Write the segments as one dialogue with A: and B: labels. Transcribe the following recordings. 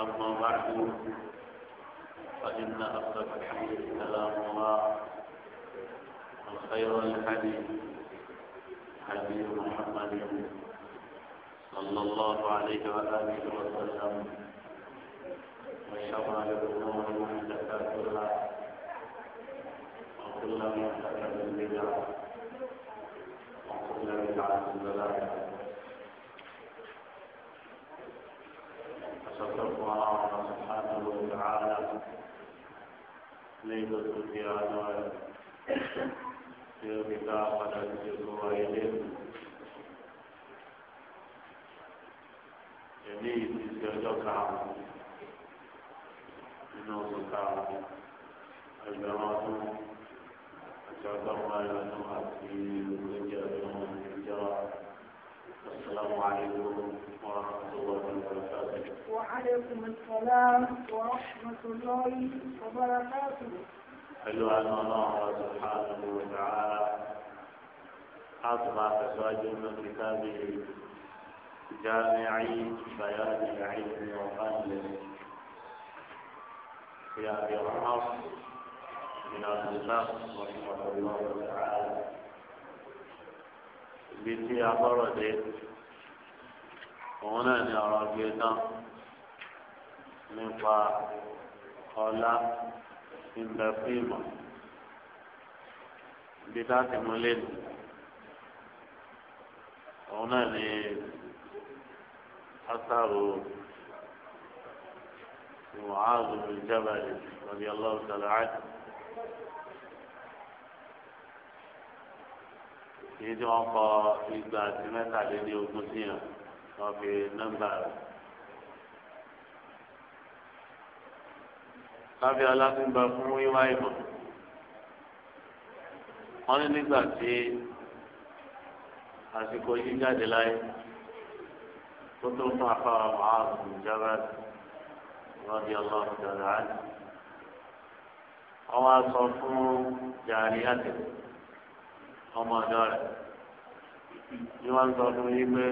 A: أما بعد
B: فإن أصدق الحديث كلام الله
C: وخير الحديث
B: حديث محمد صلى الله عليه وآله وسلم
A: وشرع الأمور محدثاتها وكل محدثة بدعة وكل بدعة ضلالة
C: أستغفر الله سبحانه وتعالى ليس سفيان في الكتاب بطاقة الجزوائر
A: يمين يسجدك
C: بنوصك البراءة أشهد أن لا إله إلا الله السلام عليكم ورحمة الله وبركاته
D: وعليكم السلام ورحمة الله وبركاته حلو أن الله
C: سبحانه وتعالى أطلع أزواج من كتابه جامع بيان العلم وفضله في أبي عمر بن عبد الله رحمه الله تعالى ibi tí a bọ́rọ̀ dé òun náà ni ọ̀rọ̀ gbé tán nípa ọlá ìgbà fíìmù ibi tá a ti mú lẹ́nu òun náà ni asàrò Mu'adh bin Jabal radiyallahu ta'ala anhu. èyí tí wọ́n kọ igba àti mẹ́tàléní ogún síyàn wọ́n fi nọ́mbà rẹ̀. lábẹ́ alágbèbá fún wíwá ìmọ̀ wọ́n ní nígbà tí àsìkò yìí jáde láyé tó tó fún afárá màálù ìjábá lọ́dí ọlọ́run dàrá. wọ́n wá sọ fún jàrí àtẹ̀wé ọmọ ọ̀dọ́ rẹ̀ ni wọ́n sọ fún yín pé.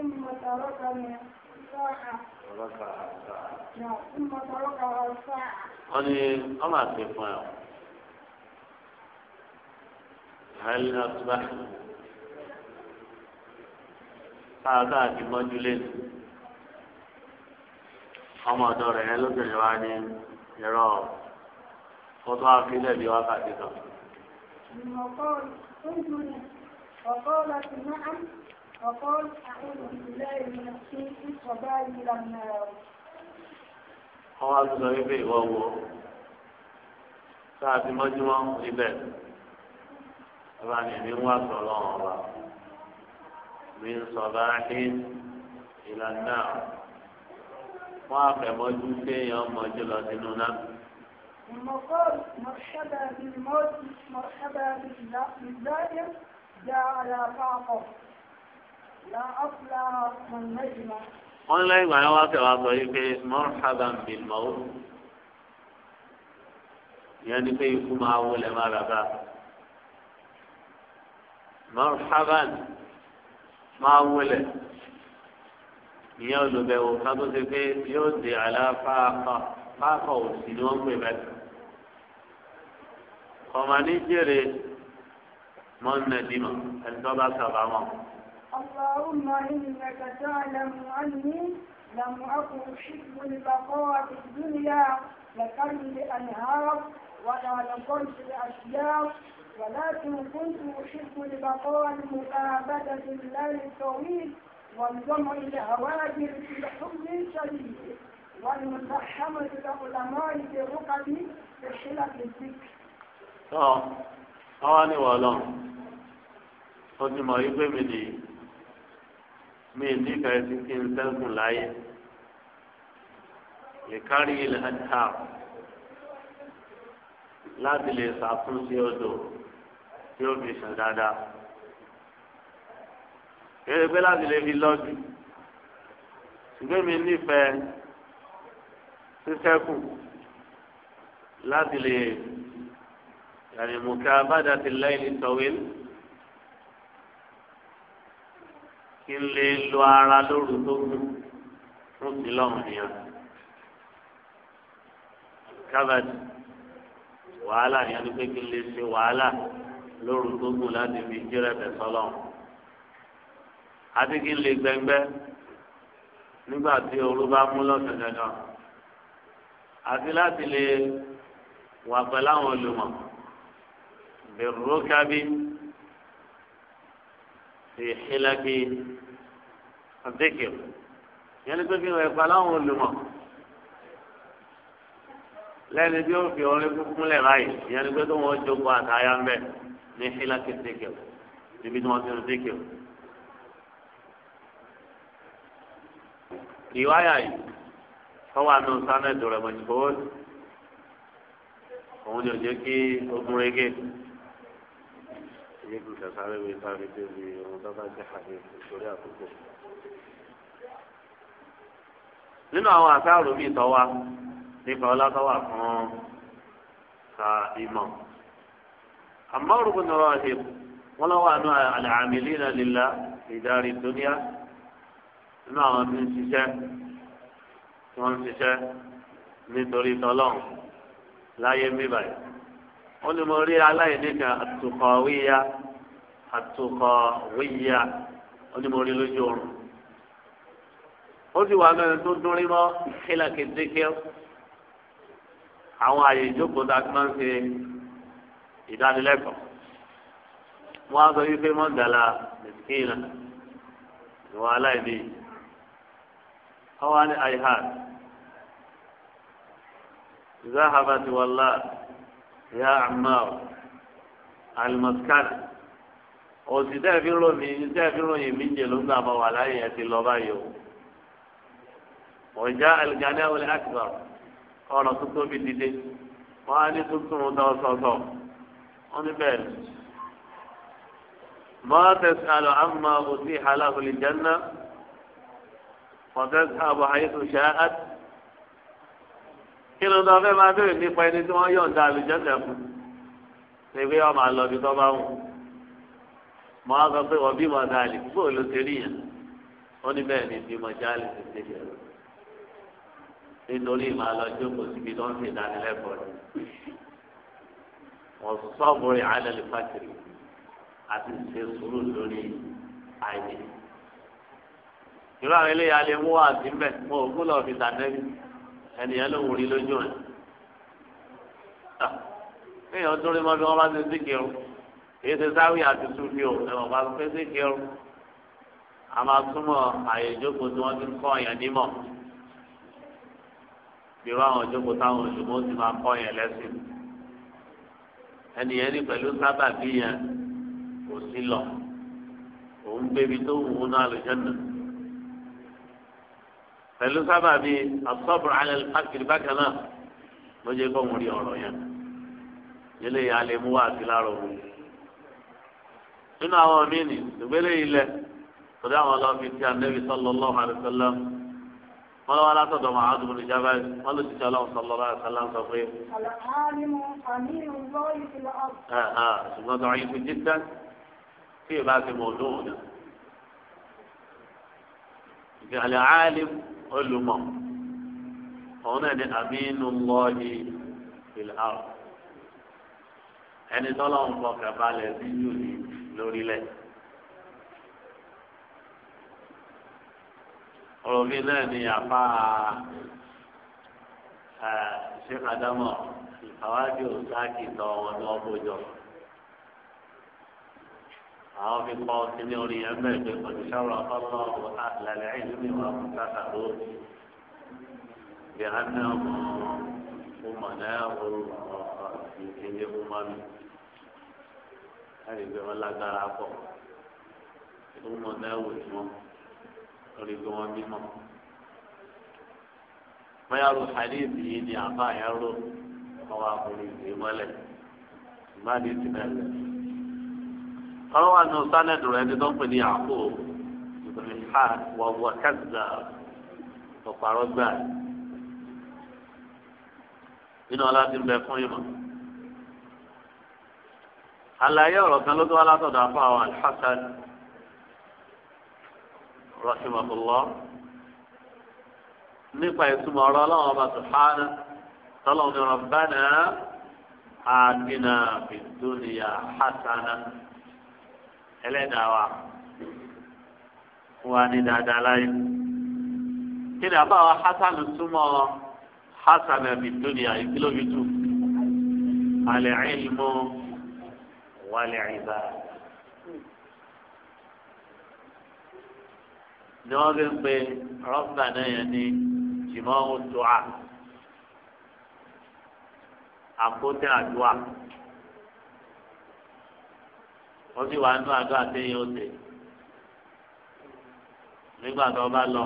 D: ثم تركنا ساعة ثم تركها ساعة
C: wọ́n ní ọmọ àti fún ẹ̀ hali asuba káàkiri àti mọ́júlé ọmọ ọ̀dọ́ rẹ̀ yẹn lóbìnrin wa ní ìrọ̀ wọ́n tún á fi lẹ́bi kan. وقالت نعم wípé ìwọ wo tá ti mọ́júmọ́ ibẹ̀ ọba ni mi ń wá sọ̀rọ̀ ọ̀rọ̀ mi ń sọ̀rọ̀ ahín ìlànà wọn á fẹ́ mọ́jú séèyàn mọ́jú lọ sínú náà.
D: المقال مرحبا بالموت مرحبا بالزائر جاء على فاقه لا أصلى من نجمه
C: wọ́n lẹ́yìn ìgbà yẹn wá fẹ́ wá sọ yìí pé mọ́rùhábà ń bìí mọ́ ìyẹn ni pé ikú máa wọlé má bàbá mọ́rùhábà máa wọlé ìyẹn olùbẹ̀wò ká tó ṣe pé yóò di àlàáfáàkọ fáàkọ òsì ni wọ́n ń pè bẹ́ẹ̀. ọ̀mà ní jèrè mọ́nà dìmọ̀ ẹni tó bá sábà mọ́.
D: اللهم إنك تعلم أني لم أكن أحب البقاء في الدنيا لكرم الأنهار ولا نقلت الأشجار ولكن كنت أحب البقاء لمقابلة الليل الطويل والجمع لهواجر في حب شديد والمزحمة لعلماء برقد في حلق الذكر.
C: اه اه ni wà lọ ó ti mọ wípé mi lè mi ní ìfẹ́ sí kí n sẹ́kùn láyé lè kárí ilẹ̀ ẹ̀ta láti lè ṣàtúnṣe odò tí ó fi sàn dáadáa kéde pé láti lè fi lọ́dún ṣùgbọ́n mi nífẹ̀ẹ́ sísẹ́kù láti lè yàrá ìmùkà bàdà ti lẹ́yìn tọ́wé kí n lè lo ara lóru tó kù fún sílọ́ọ̀mù nìyẹn kábàdì wàhálà yẹn ni pé kí n lè ṣe wàhálà lóru tó kù láti fi jẹ́rẹ̀ tẹ̀sán lọ́wọ́ àti kí n lè gbẹngbẹ nígbà tí ooru bá mú lọ́sẹ̀ dandan àti láti lè wà pẹ̀lú àwọn olùmọ̀ bẹ̀rù kábí fi xilaki adékè yẹn ní pé kí n wà pẹ̀lú àwọn olùmọ̀ lẹ́ni tí ó fi orin kúkún lẹ̀ báyìí yẹn ní pé wọ́n jókòó àtàyà ń bẹ̀ ní xilaki adékè níbi tí wọ́n ti ń adékè o. ìwáyà yìí tọ́wọ́ àmì ọ̀sánà ìdòrò ẹ̀mọ̀ ìfowó òun ni ò jẹ́ kí ogun rege ìyẹ́kùn kẹsàn-án wí sáré débi ohun tó bá jẹ́ àdé ìṣòrí àkókò. nínú àwọn àṣàrò bíi tọ́wá nípa ọlọ́tọ́wà fún ka ìmọ̀ àmọ́ òrùkùn nọ̀rọ̀ ọ̀hìn wọn lọ́wọ́ àánú àlàmìlì náà lílá ìdarí dúníà nínú àwọn tí ń ṣiṣẹ́ tí wọ́n ń ṣiṣẹ́ nítorí tọ́lọ́hún láyé mìíràn yìí ó ní mo rí aláìní kan àtùkọ̀ wíyá àtùkọ̀ wíyá ó ní mo rí lójú oorun ó sì wà mẹ́rin tó dún rí mọ́ kílàkìdíkẹ́ àwọn àyè ìjókòó tá máa ń ṣe ìdánilẹ́kọ̀ọ́ wọ́n á sọ wípé mọ́gàlá mẹ́sìkìnnà ìwọ aláìní yìí àwọn ni àìhàn zahabati wàllá ya amáwò alimaskana òsì tẹ́ẹ̀fì ròyìn tẹ́ẹ̀fì ròyìn mí jẹ ló ń gbà bọ̀ wà láyé ẹ ti lọ báyìí o ọjà aligani awolẹ akibar ọ̀rọ̀ tuntun bi dìde wọn á ní tuntun sọsọsọ wọn ní bẹ́ẹ̀ mọ tẹsán àlọ àmọ́ òsì hàlàkùn lìjánná. وتذهب حيث شاءت kí ló dọ́ fẹ́ máa bèrè nípa ẹni tí wọ́n yọ̀ǹda àlùjẹ́sẹ̀ fún ṣe pé ọmọ àlọ́bí tó bá wù mọ á sọ pé ọbí mọ dáàlì kúkú ò ló ṣe rí yẹn ó ní bẹ́ẹ̀ ni ìbímọ jáàlì ti ṣe yẹn nítorí màá lọ jókòó síbi tó ń ṣe ìdánilẹ́kọ̀ọ́ ni wọ́n sọ́ọ̀bù rẹ̀ alẹ́ lè fàkìrì àti ṣe sùúrù lórí àyè irú àwọn eléyà lè mú wá sí mbẹ mo ò kúlọ̀ fi sànẹ́bí ẹnìyẹn ló wù rí lójú rẹ̀. kéèyàn tó rí mọ́ bí wọ́n bá ti sí kírun kì í àti súnfì o ẹ̀wọ̀n bá ti sí a máa túmọ̀ àyè ìjókòó tí wọ́n ti ń kọ́ yẹn nímọ̀. irú àwọn ìjókòó táwọn òṣùwọ̀n ti máa kọ́ yẹn lẹ́sìn. ẹnìyẹn ní pẹ̀lú sábàbí yẹn kò sí lọ òun gbébi tó wù ú náà lójọ́ náà pẹ̀lú sábà bí asọ́bùrù alẹ́ pàkìrì bákan náà ló jẹ́ kó ń rí ọ̀rọ̀ yẹn yẹlẹ́ yà á lè mú wá sí lára òun. nínú àwọn míì ní ìgbélé ilẹ̀ tọ́jú àwọn ọlọ́ọ̀fin tí anabi sallallahu alaihi wasallam wọ́n lọ́wọ́ látọ̀dọ̀ mọ́ àádùn ní jábá wọ́n ló ti ọlọ́run sallallahu alaihi wasallam sọ pé. ṣùgbọ́n tó olùmọ̀ òun náà ni aminu lọ́ọ̀dì ìlàrọ̀ ẹni tọ́lọ́ ń fọkàn balẹ̀ sí jùlí lórílẹ̀. ọ̀rọ̀ mi náà ni àfa ṣé kàdámọ̀ ìfàwájú òsáàkì tọ́ wọn ní ọgbọ́jọ́ àwọn fi kọ́ kíní orí ẹgbẹ́ ìgbẹ́ pẹ̀lú sáwùrọ̀ ọ̀tọ́lọ́ àtìlẹ́lẹ́ ìlúmi wà fún sàkàró bí a ní ọmọ ọmọ náà wọ́n ọ̀ọ́ ìdílé ọmọ mi láti gbé wọn lágbára pọ̀ ọmọ náà wò ni wọn lórí gbé wọn mímọ́. wọ́n yàrá hadith yìí ni àbá yàrá ọwọ́ àkùnrin ìgbé mọ́lẹ̀ ìmáàdì ti bẹ̀rẹ̀ ọ̀rọ̀ wa ní sálẹ̀dù rẹ̀ ẹni tó ń pè ní àpò ìbìrìhà wọ̀wọ̀ kẹ́sìdà ọ̀pàrọ̀ gbà nínú ọlọ́dún bẹ fún ìmọ̀. àlàyé ọ̀rọ̀ kan ló tó wá látọ̀dọ̀ afọ àwọn alḥasan rahimahullah nípa ìtumọ̀ ọ̀rọ̀ ọlọ́run ọba sùhánà tọ́lọ́run ní rabbana àdínà fid dunya ẹlẹ́dàá wa wa ní dáadáa láyé kí ni àbáwá hasan túmọ̀ hasan ẹ̀mí dúnìá ìkìlómítù alẹ́ ìlmù wàlẹ́ ìbá. ni wọ́n fi ń pe rọ́bà náà yẹn ní jìmọ̀ ọ̀tọ̀ à àkótẹ́ àdúrà. wọ́n sì wá nú àdó àtẹ̀yìn òsè nígbà tó bá lọ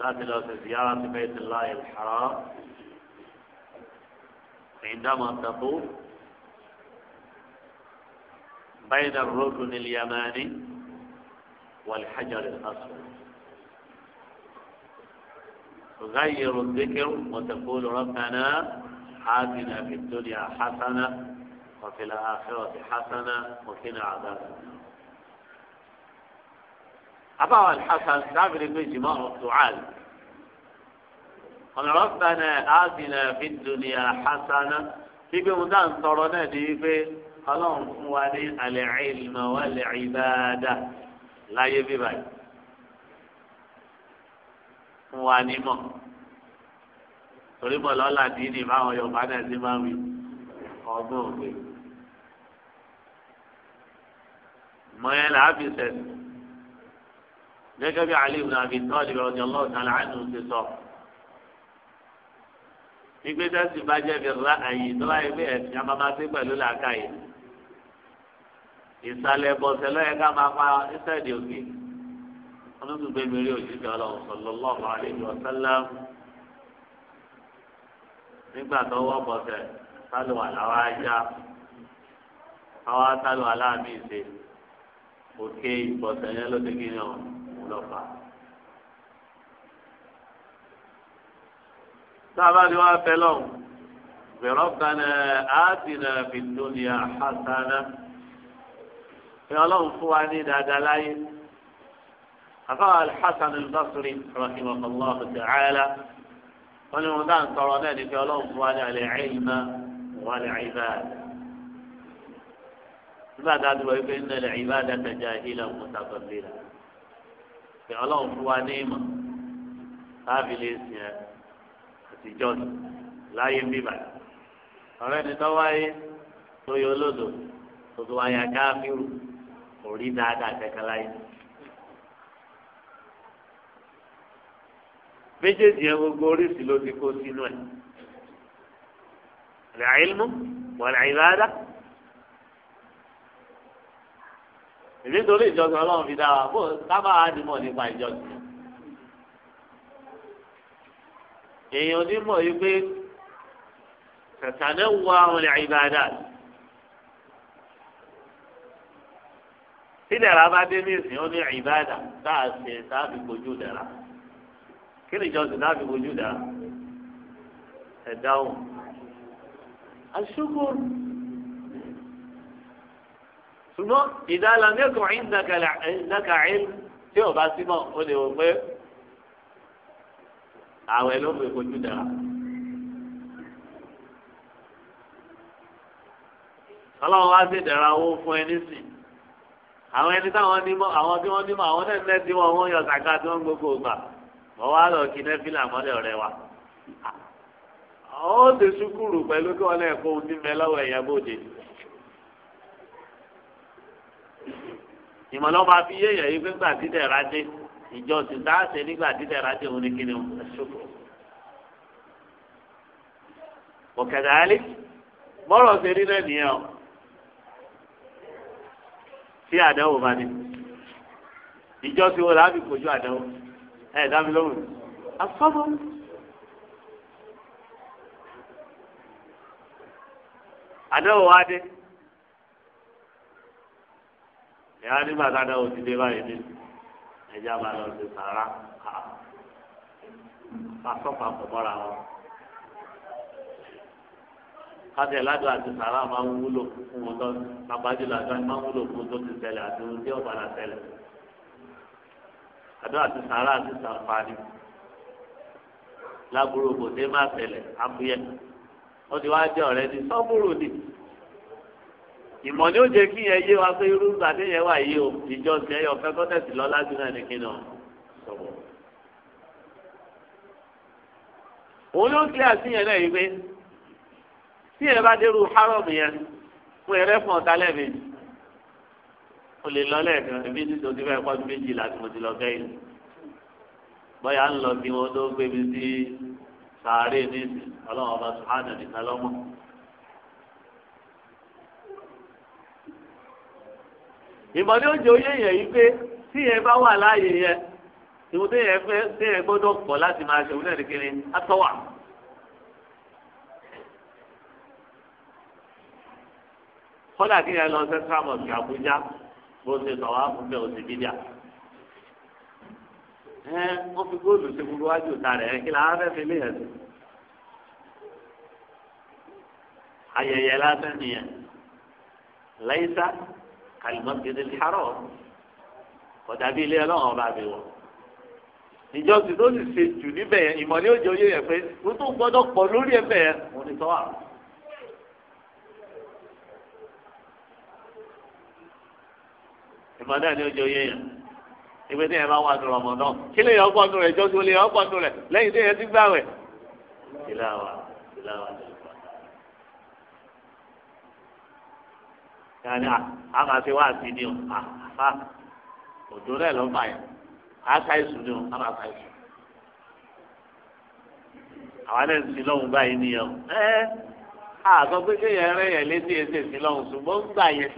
C: láti lọ sí ziyara ti bẹ́ẹ̀ ti lọ ìlhàrá ìdámọ̀ tàbó báyìí náà ròdùn ní lìyàmáni wàlìhàjàre asùn. تغير الذكر وتقول ربنا آتنا في الدنيا حسنة وفي الآخرة حسنة وكنا عذاب أبا الحسن دابر بن جماع الدعاء قال ربنا آتنا في الدنيا حسنة في بمدان ترنا ديبه اللهم ولي العلم والعبادة لا يبي wani mọ torí الله lọ́la dín ní báwọn Yorùbá náà ti ìmọ̀ yẹn là á fi sẹ́sì gẹ́gẹ́ bí Ali ibn Abi Talib radiyallahu ta'ala ti sọ gbígbé bá bí ra àyè tó bá bí ẹ̀sìn amamase pẹ̀lú làákà yìí ìsàlẹ̀ bọ̀sẹ̀ lọ́yẹ ká máa pa ìsẹ̀dì òkè olùdókòwò mi rí ọlọ́run wa nígbà tó wọ́ bọ̀sẹ̀ sálùwà làwọn ajá àwọn sálùwà láàmì òkè ìpọ̀sẹ̀ yẹn ló ti kíni ọ̀ lọ́fà. sábà ni wọ́n fẹ́ lọ́wọ́ bẹ̀rọ̀bẹ̀nẹ̀ àádìnà bìtúnìyà hasana ẹ ọlọ́run fún wa ní dáadáa láyé àfáà alḥasan al-basri ta'ala wọ́n ní wọn dáhùn sọ̀rọ̀ náà ní pé ọlọ́run fún wa ní alẹ́ ẹ̀yìn náà wọ́n alẹ́ ẹ̀yìn náà nígbà tá a dúró yìí pé ń lẹlẹ ìbáda tẹjà ìlà mùsàkọsílà pé Ọlọ́run fún wa ní ìmọ̀ láàbì lè sìn ẹ àtijọ́ ni láyé ń bíbà ọ̀rẹ́ ni tó wáyé tó yọ olódò tó tó wáyé káfíru kò rí dáadáa kẹ̀kẹ́ láyé. méjèèjì yẹn gbogbo oríṣi ló ti kó sínú ẹ̀ lẹ́yìn mú wọ́n lẹ́yìn bá dá. nítorí ìjọsìn ọlọ́run fi dára bó sábà àdìmọ̀ nípa ìjọsìn. èèyàn onímọ̀ yìí pé kàkàdé wo àwọn ilẹ̀ ìbàdà. tí dẹ̀ra bá dé ní ìsìn ó ní ìbàdà tá a ṣe tá gbójú dẹ̀ra. kí ni ìjọsìn tá fi gbójú dẹ̀ra? ẹ̀ dáhùn. àṣùkò ṣùgbọ́n ìdálà mẹ́kọ̀ọ́ ìdákàáyìn tí o bá símọ̀ o lè wò pé àwẹ̀ ló fi kojú dára. ọlọ́run wá sí ìdára owó fún ẹni sìn àwọn ẹni táwọn nímọ̀ àwọn tí wọ́n nímọ̀ àwọn náà lẹ́sìn wọn wọ́n yọ sàkà tí wọ́n gbogbo gbà wọ́n wá lọ kí nẹ́fìlà mọ́lẹ̀ ọ̀rẹ́ wa. ó ti sùkúrù pẹ̀lú kí wọ́n lè kó ohun tí mẹ́ lọ́wọ́ ẹ̀yà bóde ni. ìmọ̀lẹ́ ọba fi yéèyàn yìí pé ńgbà dídẹ̀ rájé ìjọsìn dáàsì nígbà dídẹ̀ rájé òun ni kíni òun ṣòfò. òkèdè alẹ́ bọ́rọ̀ ṣe rí náà nìyẹn o tí àdáwò bá ní ìjọsìn wo làá fi kojú àdáwò ẹ̀ dábì lóhùn afọ́bọ́. àdáwò wa dé ìyá nígbà táná ò ti dé báyìí ní ẹja máa lọ sí sàrà ká
A: pàṣọpà pọ̀ mọ́ra wọn.
C: kájẹ ládùn àti sàrà máa ń wúlò fún wọn tó àgbájú làdùn máa ń wúlò fún tó ti ṣẹlẹ̀ àti ohun tí ó padà ṣẹlẹ̀. àdúrà àti sàrà àti sàǹfààní lágbóró kò dé má ṣẹlẹ̀ àbúyẹ. ó ti wá jẹ́ ọ̀rẹ́ ní sọ́búrò nìyí ìmọ̀ ni ó jẹ́ kí yẹn yé wa pé irú ìgbà tí yẹn wà yìí o ìjọ sí ẹyọ fẹ́ kọ́tẹ̀sì lọ láti náà ní kíni o sọ̀rọ̀. òun ló ń kílẹ̀ àti yẹn náà yìí pé tí yẹn bá dérú haram yẹn fún ẹrẹ́ fún ọ̀tá lẹ́ẹ̀mejì o lè lọ lẹ́ẹ̀kan ebi tí tòun ti fẹ́ kọ́ méjì láti mo ti lọ fẹ́ yìí bọ́yà ń lọ bí wọn tó gbé mi sí sàárè nísì ọlọ́run ọba sùhánà nìkan lọ́mọ́. ìmọ̀ ní oúnjẹ oyé yẹn yìí pé tí yẹn bá wà láàyè yẹn ìwọ tí yẹn fẹ́ tí yẹn gbọ́dọ̀ pọ̀ láti máa ṣe òwúlẹ̀ nìkiri atọ́wà. kọ́dà kí yẹn lọ central mosque Abuja bó ṣe tọ̀ wá fún bẹ́ẹ̀ òsì bídíà. ẹ wọ́n fi góòlù ṣe gbogbo wájú ìta rẹ̀ kí làwọn fẹ́ fi léyìn ẹ̀sìn. ayẹyẹ lásán nìyẹn lẹ́yìn sáà. Al-Masjid Al-Haram kọjá bí ilé ọlọ́run ọba mi wọ̀ ìjọ sì tó sì ṣe jù níbẹ̀ yẹn ìmọ̀ ní òjò yé yẹn pé o tó gbọ́dọ̀ pọ̀ lórí ẹ̀bẹ̀ yẹn mo ní sọ́wọ́ àrùn. ìmọ̀ náà ní òjò yé ìgbé tí yẹn bá wà nùrọ̀ náà kí lè yọ ọgbọ́n nù rẹ̀ olè yọ ọgbọ́n nù lẹ́yìn tí yẹn ti gbà rẹ̀. ìlà wà ìlà wà ní yanni a máa wá sí ni o àfa òjò náà ló fà yẹn a ni o a máa ká àwọn ẹ̀ ń lọ́hùn báyìí nìyẹn o ẹ àgọ́ pé kéèyàn rẹ̀ yẹn létí ẹsẹ̀ sin lọ́hùn ṣùgbọ́n ń gbà yẹn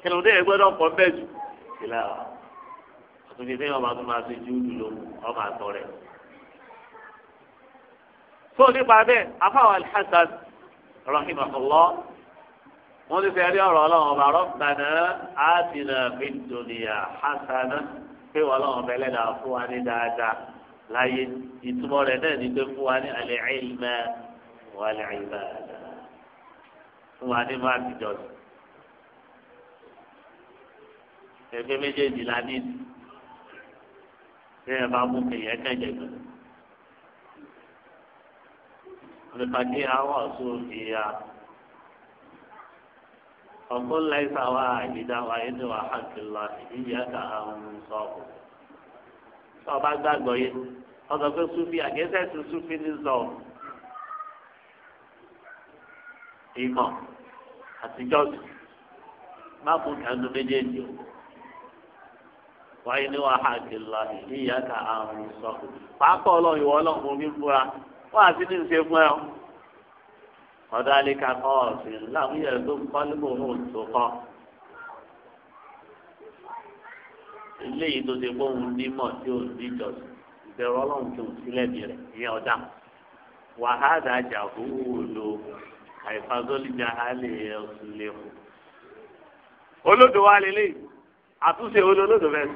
C: kí ló dé ẹgbẹ́dọ̀ pọ̀ bẹ́ẹ̀ jù sílẹ̀ o àtúnṣe tí wọn bá tún máa ṣe júùdù ló ọmọ àtọ rẹ. tó nípa bẹ́ẹ̀ afáwọn alḥasan wọ́n ti fẹ́ rí ọ̀rọ̀ ọlọ́run ọba rọ́pàdà àtìnà fìdòlìyà hasanà pé wọ́n ọlọ́run ọba ẹlẹ́dàá fún wa ní dáadáa láyé ìtumọ̀ rẹ̀ náà ní pé fún wa ní alẹ́ ìlmẹ̀ wà ní ìlmẹ̀ fún wa ní máàkì jọ̀sìn. ẹgbẹ́ méjèèjì la ní ìdí bí ẹ bá mú kéèyàn kẹ́jẹ̀ gbẹ̀. olùpàdé àwọn ọ̀ṣun ìyá. فقل ليس واحدا وإن وحق الله إياك أنصاب ọba gbàgbọ́ yé ọsọ pé sufi àgẹ́sẹ̀ tún sufi ní zọ ìmọ̀ àtijọ́ tù má kú kánú méjèèjì o wáyé ní wàhálà kìlọ̀ ìyá ká àrùn sọ pàápàá ọlọ́run ìwọ ọlọ́run omi fúra wọ́n àti ní ìṣe fún ẹ o ọ̀dọ̀ alika kọ́ ọ̀sìn láwùjọ tó kọ́ níbo ní òtò kọ́. eléyìí tó ti gbóhùn nímọ̀ tí ò ní jọ̀sìn ìbẹ̀rù ọlọ́run tó sílẹ̀ bí rẹ̀ ìyẹn ọ̀dà wàhálà àjàkú wòlò àìfàzọ́lìjà àlè ọ̀sùn lẹ́kọ̀ọ́. olódò wa lélẹ́yìí àtúnṣe olódò fẹ́ẹ́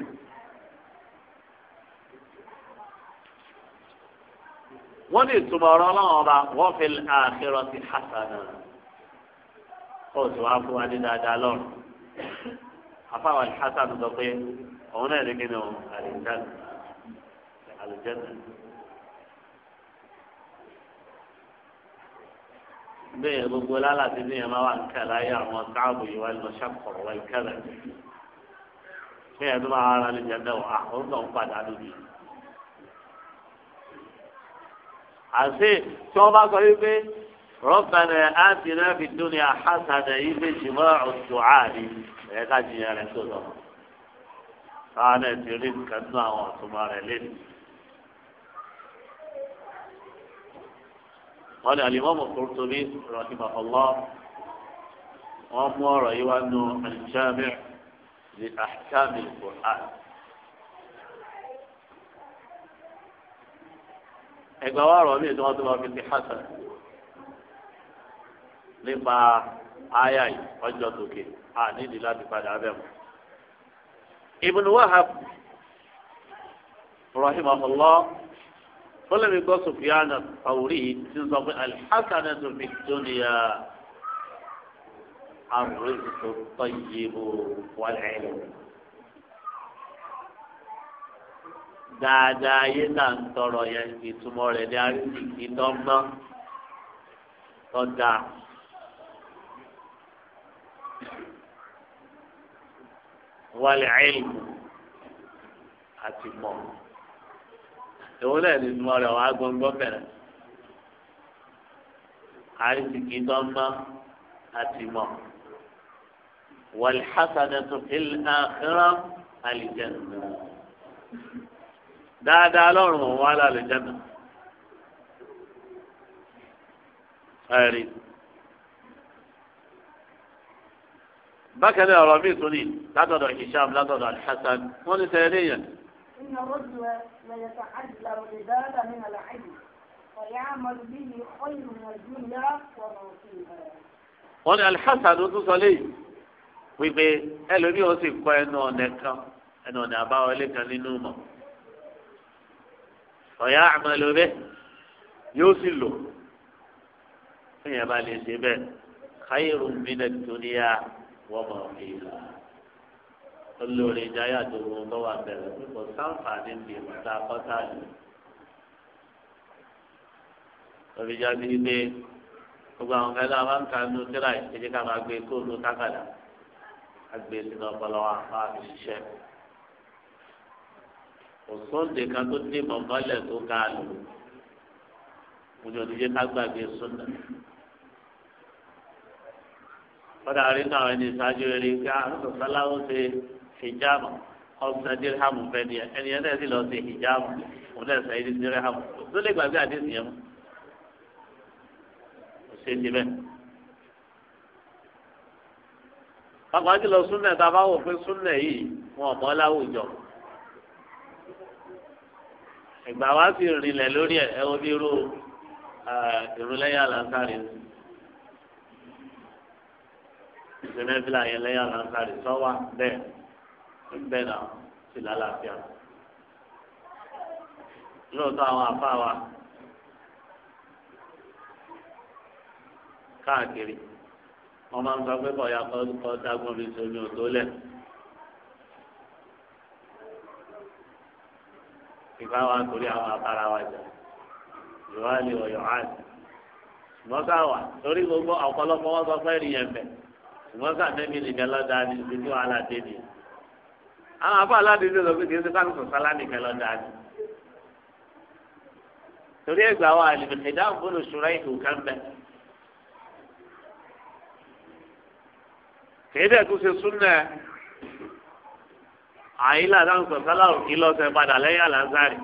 C: wọ́n lè túmọ̀ ọ̀rọ̀ ọlọ́run ọba wọ́n fi àfihàn sí hasana kóòtù wa fún wa ní dáadáa lọ́rùn afáwọn hasan sọ pé òun náà ní kíni òun àlùjáde àlùjáde. bẹ́ẹ̀ gbogbo lálàtí ní ẹ̀ máa wà ń kẹ́ láyé àwọn sáàbù yìí wá lọ ṣàkọ̀rọ̀ wá ìkẹ́lẹ̀ bẹ́ẹ̀ tó máa rà lè jẹ́ bẹ́ẹ̀ wà ó ń tọ̀ padà lóbi àti tí wọ́n bá sọ wípé rọ́bànà àtìrẹ́ fi dúnìá àhásàdà yìí lè jùmọ̀ ọ̀tún àárín ẹ̀ ká jìyàn rẹ̀ tó lọ. káwọn ẹ̀ ti rí nǹkan tún àwọn ọ̀túnmọ̀ rẹ̀ lẹ́nu. wọ́n ní alimọ́mù kúrútùbí rahimahulọ́ wọ́n mú ọ̀rọ̀ yìí wá nù alìjáàmì lè àkàmì kùrán. ẹgbẹ́ wa rọ̀ mí tí wọ́n tún lọ fi ti hasan nípa aya yìí ọjọ́ tòkè a nídìí láti padà abẹ́ mu. wà Ibn Wahab rahimahullah fọlẹ́mi gbọ́ Sufyana yìí ti sọ pé al-hasanatu fid-dunya tó yé tayyibu wà lẹ́yìn. dáadáa yé là ń tọrọ yẹn ìtumọ̀ rẹ̀ ní arísìkí dọ́gbọ́n tọ́da. wàlẹ̀ ẹ̀lmù àti mọ̀ èwo náà ní ìtumọ̀ rẹ̀ wàá gbọ́ngbọ́n bẹ̀rẹ̀ arísìkí dọ́gbọ́n àti mọ̀ wàlẹ̀ hasanatu fil akhirah àlìjẹ̀nù dáadáa lọ́rùn mọ̀ wá lálẹ́ jẹ́nà. ẹ̀rí bákan náà ọ̀rọ̀ míì tún ní látọ̀dọ̀ Hisham látọ̀dọ̀ Al-Hasan wọ́n ní sẹ́yìn yẹn.
D: إن الرجل ليتعذر عبادة
C: wọ́n ní Al-Hasan tún sọ léyìí wípé ẹlòmíì ó sì kọ́ ẹnu ọ̀nà kan ẹnu ọ̀nà àbáwọlé kan nínú mọ̀ ọ̀yá àmàlò bẹ́ẹ̀ yóò sì lò fẹ́yìn bá lè ṣe bẹ́ẹ̀ káyọ̀rọ̀ mílẹ̀ tóníyà wọ́n máa fi là olórí ìdáyà tó wọn bá wà bẹ̀rẹ̀ pípọ̀ sáǹfààní ní ìmọ̀ta kọ́tà lò. òbí jáde ilé gbogbo àwọn ọ̀gá ìlànà ń ka nínú tíra ìṣẹ́jú ká máa gbé kóòtù tákàdá àgbèsínú ọpọlọ wa máa ṣiṣẹ́ òsóǹdè kan tó dé mọ̀mọ́lẹ̀ tó ká lò mo ní òdíje ká gbàgbé súnà. kọ́dà rí náà ẹni ìsáájú rẹ̀ rí ká sọ̀sọ́láwó ṣe hijamu ọ̀sán dirhamu fẹ́ ni ẹni ẹni ẹ̀sìn lọ ṣe hijamu òun náà ṣe ẹni dirhamu tó lè gbàgbé àdéhùn yẹn mọ́ kò ṣe ti bẹ́ẹ̀. pàpà jùlọ súnà tá a bá wò pé súnà yìí wọn ò mọ́ láwùjọ ìgbà wa sì rinlẹ̀ lórí ẹ̀ ẹ̀wọ́n bí irú irú lẹ́yìn àlàǹsárì ìsinmi fìlà yẹn lẹ́yìn àlàǹsárì sọ́wà bẹ́ẹ̀ bẹ́ẹ̀ náà sì lálàáfíà
A: lóòótọ́ àwọn afá wa
C: káàkiri wọ́n máa ń sọ pé bọ̀yà kọ́ dágbọ́n bíi sómi ò tó lẹ̀. ìfá wa torí àwọn afárá wa jà ìwádìí ọ̀yọ́ àti ṣùgbọ́n ká wà torí gbogbo ọ̀pọ̀lọpọ̀ wọn sọ fẹ́ẹ́ rí yẹn bẹ̀ ṣùgbọ́n ká mẹ́mí nìkan lọ́dà ni ìdíjú wàhálà dé ni àwọn afá aládùúgbò lọ fi kì í ṣe fáwọn sọ̀sálà nìkan lọ́dà ni torí ẹgbà wa àlùfẹ́ ìdáhùn fún òṣùrọ̀ ìlú kan bẹ̀. kèédè tó ṣe súnà àyílà dáhùn sọ̀tálà òkè lọ́sẹ̀ padà lẹ́yìn àlàzárì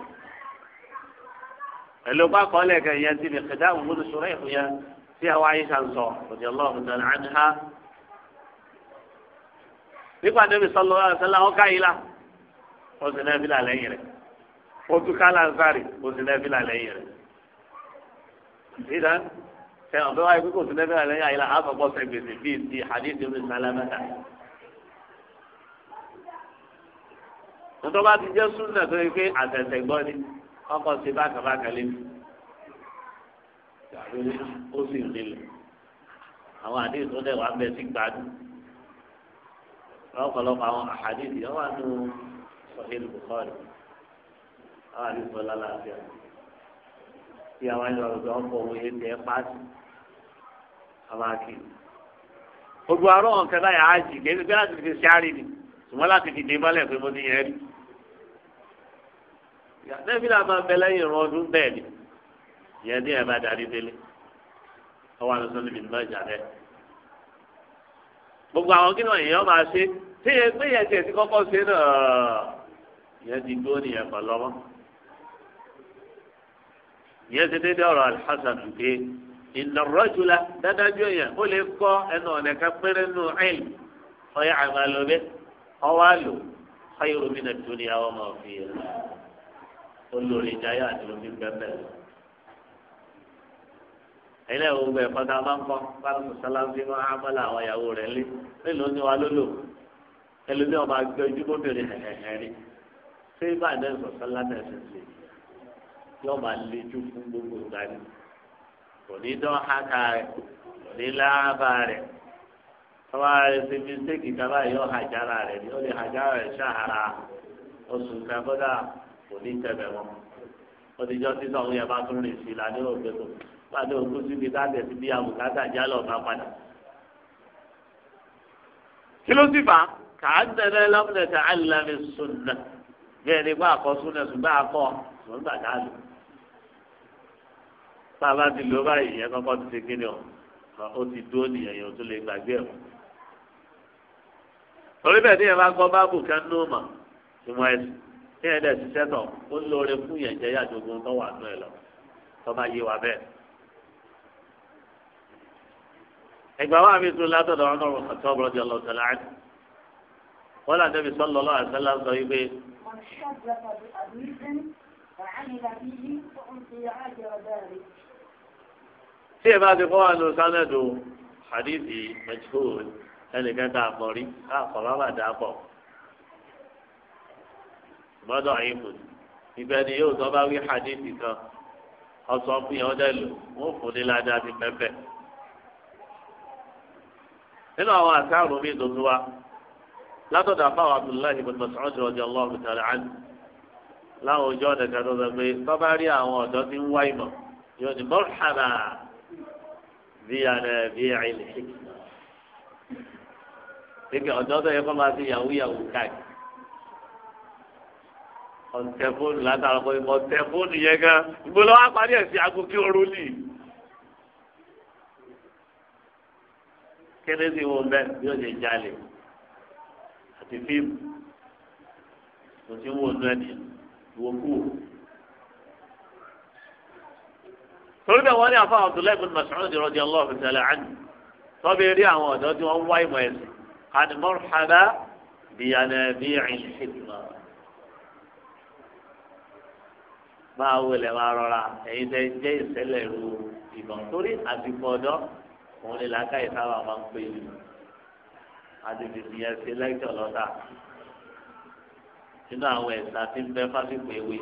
C: pẹ̀lú bá kọ́ lẹ́kẹ̀ yẹn ti lè kẹjá òmùdù sọ̀rọ̀ ẹ̀kú yẹn tí àwọn àyíṣà ń sọ òdì ọlọ́run tẹ̀lé àdìhá. nípa níbi sọlọ ọ̀sẹ̀lá ó káyìlá ó sì náà fílà lẹ́yìn rẹ̀ ó tún ká làzárì ó sì náà fílà lẹ́yìn rẹ̀. ìdá fẹ́ràn bí wáyé kókò sí náà fílà lẹ́yìn àyílà á fọ́ nítorí bá ti jẹ́ súnà tó yẹ pé àtẹ̀tẹ̀ gbọ́ ni ọkọ̀ sí bákàbákà lé ó sì rinlẹ̀ àwọn àdéhùn tó dẹ̀ wá bẹ sí gbádùn
D: ọ̀pọ̀lọpọ̀ àwọn àhàdìsì ọ̀wà nù
C: sọ̀hìn bùkọ́rì àwọn àdéhùn lálàáfíà tí àwọn ẹni ọ̀rọ̀ ọ̀pọ̀ òun yẹn tẹ̀ pàṣẹ àwọn akéwì. gbogbo àrùn ọ̀kẹ́ láyà á jì kéde bí láti fi ṣe àárín ṣùgbọ́n láti fi dé mọ́lẹ̀ pé mo ní yẹn rí nẹ́fìlà máa ń bẹ lẹ́yìn ìran ọdún bẹ́ẹ̀ ni ìyẹn ní ẹ̀ bá darí délé ọwọ́ àlùsọ níbi ìlú ọjà rẹ̀. gbogbo àwọn kí náà èèyàn máa ṣe tí yẹn pé yẹn tiẹ̀ ti kọ́kọ́ ṣe náà ìyẹn ti gbó nìyẹn pọ̀ lọ́wọ́. ìyẹn ti dédé ọ̀rọ̀ alhassan dùgbé ìnàrọ́jùlá dádájú èèyàn ó lè kọ́ ẹnu ọ̀nà kan péré nù ẹ̀lì ọ̀yà àgbàlóbẹ́ ọwọ́ àlò ọ̀yà òmìnira tó ní àwọn ọmọ òfin yẹn olórí jayé àti omi gbẹmẹ lọ. ilé ìwé gbẹ kọta máa ń kọ kálukú sáláńsì máa ń bọ́lá àwọn ìyàwó rẹ̀ lé nílùú ní wa lólò ẹlòmí ọba gbé ojúbóbìnrin hẹhẹhẹ rí ṣé ìbàdàn sọ̀tàn lánàá ṣe ṣe yóò máa lejú fún gbogbo ìgbà ni kò ní dán haka rẹ̀ kò ní láàbà rẹ̀ tọ́wọ́ rẹ̀ ṣe fi ṣéèkì kábàá yóò hajara ni ó lè hajara rẹ̀ ṣàhara oṣù kan kò ní tẹ̀lé wọn ó ti jọ́ títọ́ òun yẹn bá tún rìn sí i lánàá òkè tó bá ní òkú síbi káàdé síbi àbùkátà jálọ̀ bá padà. kí ló sì fà á kà á tẹ̀lé lọ́mọdé tẹ̀ àlùlámi sùnà bẹ́ẹ̀ ni gbọ́ àkọ́ sùnà ṣùgbọ́n àkọ́ ṣùgbọ́n gbàdá lò. bá ti lò báyìí yẹn kọ́kọ́ ti ṣe kíni o ó ti dúró nìyẹn yẹn tún lè gbàgbé ẹ̀ wọ́n torí bẹ́ẹ̀ ni ẹ kí ẹ dẹ̀ ṣiṣẹ́ tọ̀ ó lóore fún yẹn jẹ́ yàjogun tó wà nù ẹ lọ tó bá yé wa bẹ́ẹ̀. ẹgbàá wa mi tún látọ̀dọ̀ ọ̀nà ọ̀tọ́ ọ̀bọ̀lọ́dì ọlọ́sọ̀lá ẹ̀ wọ́n là débi sọ́lọ́ lọ́wọ́ àṣẹlá sọ yí pé. tí ẹ bá ti fọ́ wa lọ sánẹ́dù hadithi mẹ́tíkù ẹnìkan tá a pọ̀ rí àpọ̀ bá bàdà pọ̀ gbọ́dọ̀ ìmù ibẹ̀ ni yóò tọ́ bá wí hadithi kan ọsọ fún yẹn ọdẹ lò wọn fún ní ládàá ti pẹ́pẹ́. nínú àwọn àtàrò mi tuntun wa látọ̀dọ̀ àfáwọn abdullahi ibn Mas'ud radiyallahu ta'ala anhu láwọn ojú ọ̀dẹ̀ kan tó sọ pé tọ́ba rí àwọn ọ̀dọ́ tí ń wá ìmọ̀ yóò ní mọ́rùhàmà bí àná bí àìlè. ìgbà ọ̀dọ́ tó yẹ kó máa ti yàwó yàwó káàkiri ọ̀tẹ̀ fóònù látara pé ọ̀tẹ̀ fóònù yẹn gan ìgbòho wa parí ẹ̀ sí aago kí oru lì. kéde sí wọn bẹ́ẹ̀ bí ó ṣe jalè àti fíìmù kò sí wọn nú ẹni ìwọ kú. torí bẹ́ẹ̀ wọ́n ní afọ Abdullahi bin Mas'ud radiyallahu ta'ala anhu tọ́bi rí àwọn ọ̀dọ́ tí wọ́n ń wá ìmọ̀ ẹ̀sìn àdìmọ́rùn-ún bíi àná bíi àìsí ìdùnnú. máa wọlé máa rọra ẹ̀yin tẹ́ jẹ́ ìṣẹ̀lẹ̀ ru ìbọn torí àsìkò ọ̀dọ́ òun ni làákàyè sábà máa ń pè é àdìbì nìyẹn ṣe lẹ́jọ́ lọ́dà nínú àwọn ẹ̀sà tí ń bẹ fásitì ewé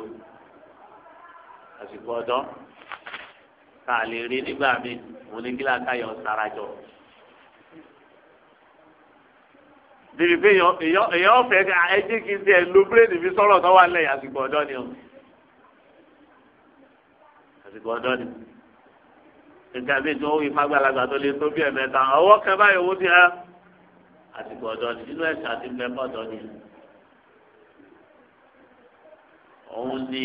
C: àsìkò ọ̀dọ́ tá a lè rí nígbà míì òun ni kí làákàyè ọ̀sàràjọ. bíbí pé èèyàn ọ̀fẹ́ ẹjẹ́ kí n ṣe ẹ̀ bírèdì fi sọ̀rọ̀ tó wà lẹ́yìn àsìkò ọ̀dọ́ ni o àsìkò ọdọ ni nǹkan àbí tí wọn wí fagbalagbà tó lè tó bí ẹ̀mẹ́ta ọwọ́ kẹ báyìí owó ti há àsìkò ọdọ ni inú ẹsẹ àti mẹfọ ọdọ ni òun ni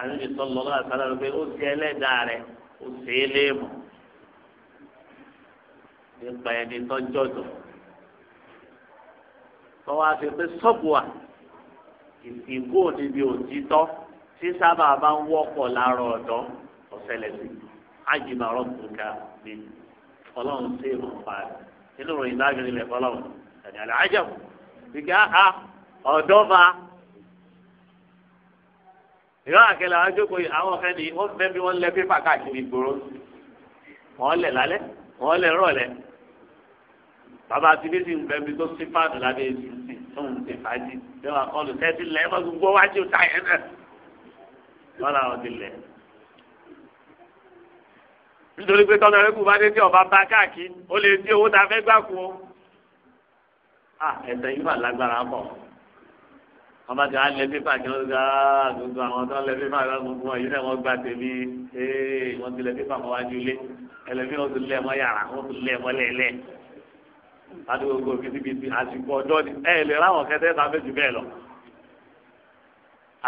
C: àyùnjẹ tó lọ lọ́wọ́ àtàlà rẹ pé ó ti ẹlẹ́dàá rẹ ó sì é léèmọ̀ nípa ẹni tó jọ̀dọ̀ tọ́wọ́ àti pé sọ́bùà ìsìnkú òní bí òtítọ́ tí sábà máa ń wọ́pọ̀ láàárọ̀ ọ̀dọ́. ṣẹlẹ̀ ajima ṣe mọ̀ ìròyìn ẹ̀dẹ̀ ìrọ̀ àkẹlẹ̀ àwọn àwọn ọ̀fẹ́ ni wọ́n fẹ́ bí wọ́n lẹ pépà káàkiri wọ́n lẹ̀ lálẹ́ wọ́n lẹ̀ rọ̀lẹ́ bàbá ń nítorí pé tọ́nà rẹ́kù bá dé tí ọba bá káàkiri ó lè dí owó tá a fẹ́ gbà kú o. ẹ̀sẹ̀ yìí wà lágbára pọ̀ ọba tí wàá lẹ pépà kí wọ́n gbà ah, gbogbo àwọn tó lẹ pépà gbà gbogbo ẹ̀yìn náà wọ́n gbà tèmi ee wọ́n ti lẹ pépà mọ́ wájú ilé ẹlẹ́mí wọ́n ti lẹ̀ mọ́ yàrá wọ́n ti lẹ̀ mọ́ lẹ́lẹ́ adúgbò gbogbo kìtìkìtì àsìkò ọjọ́ ni ẹ lè ráwọn kẹtẹ tá a fẹ́ jù bẹ́ẹ̀ lọ.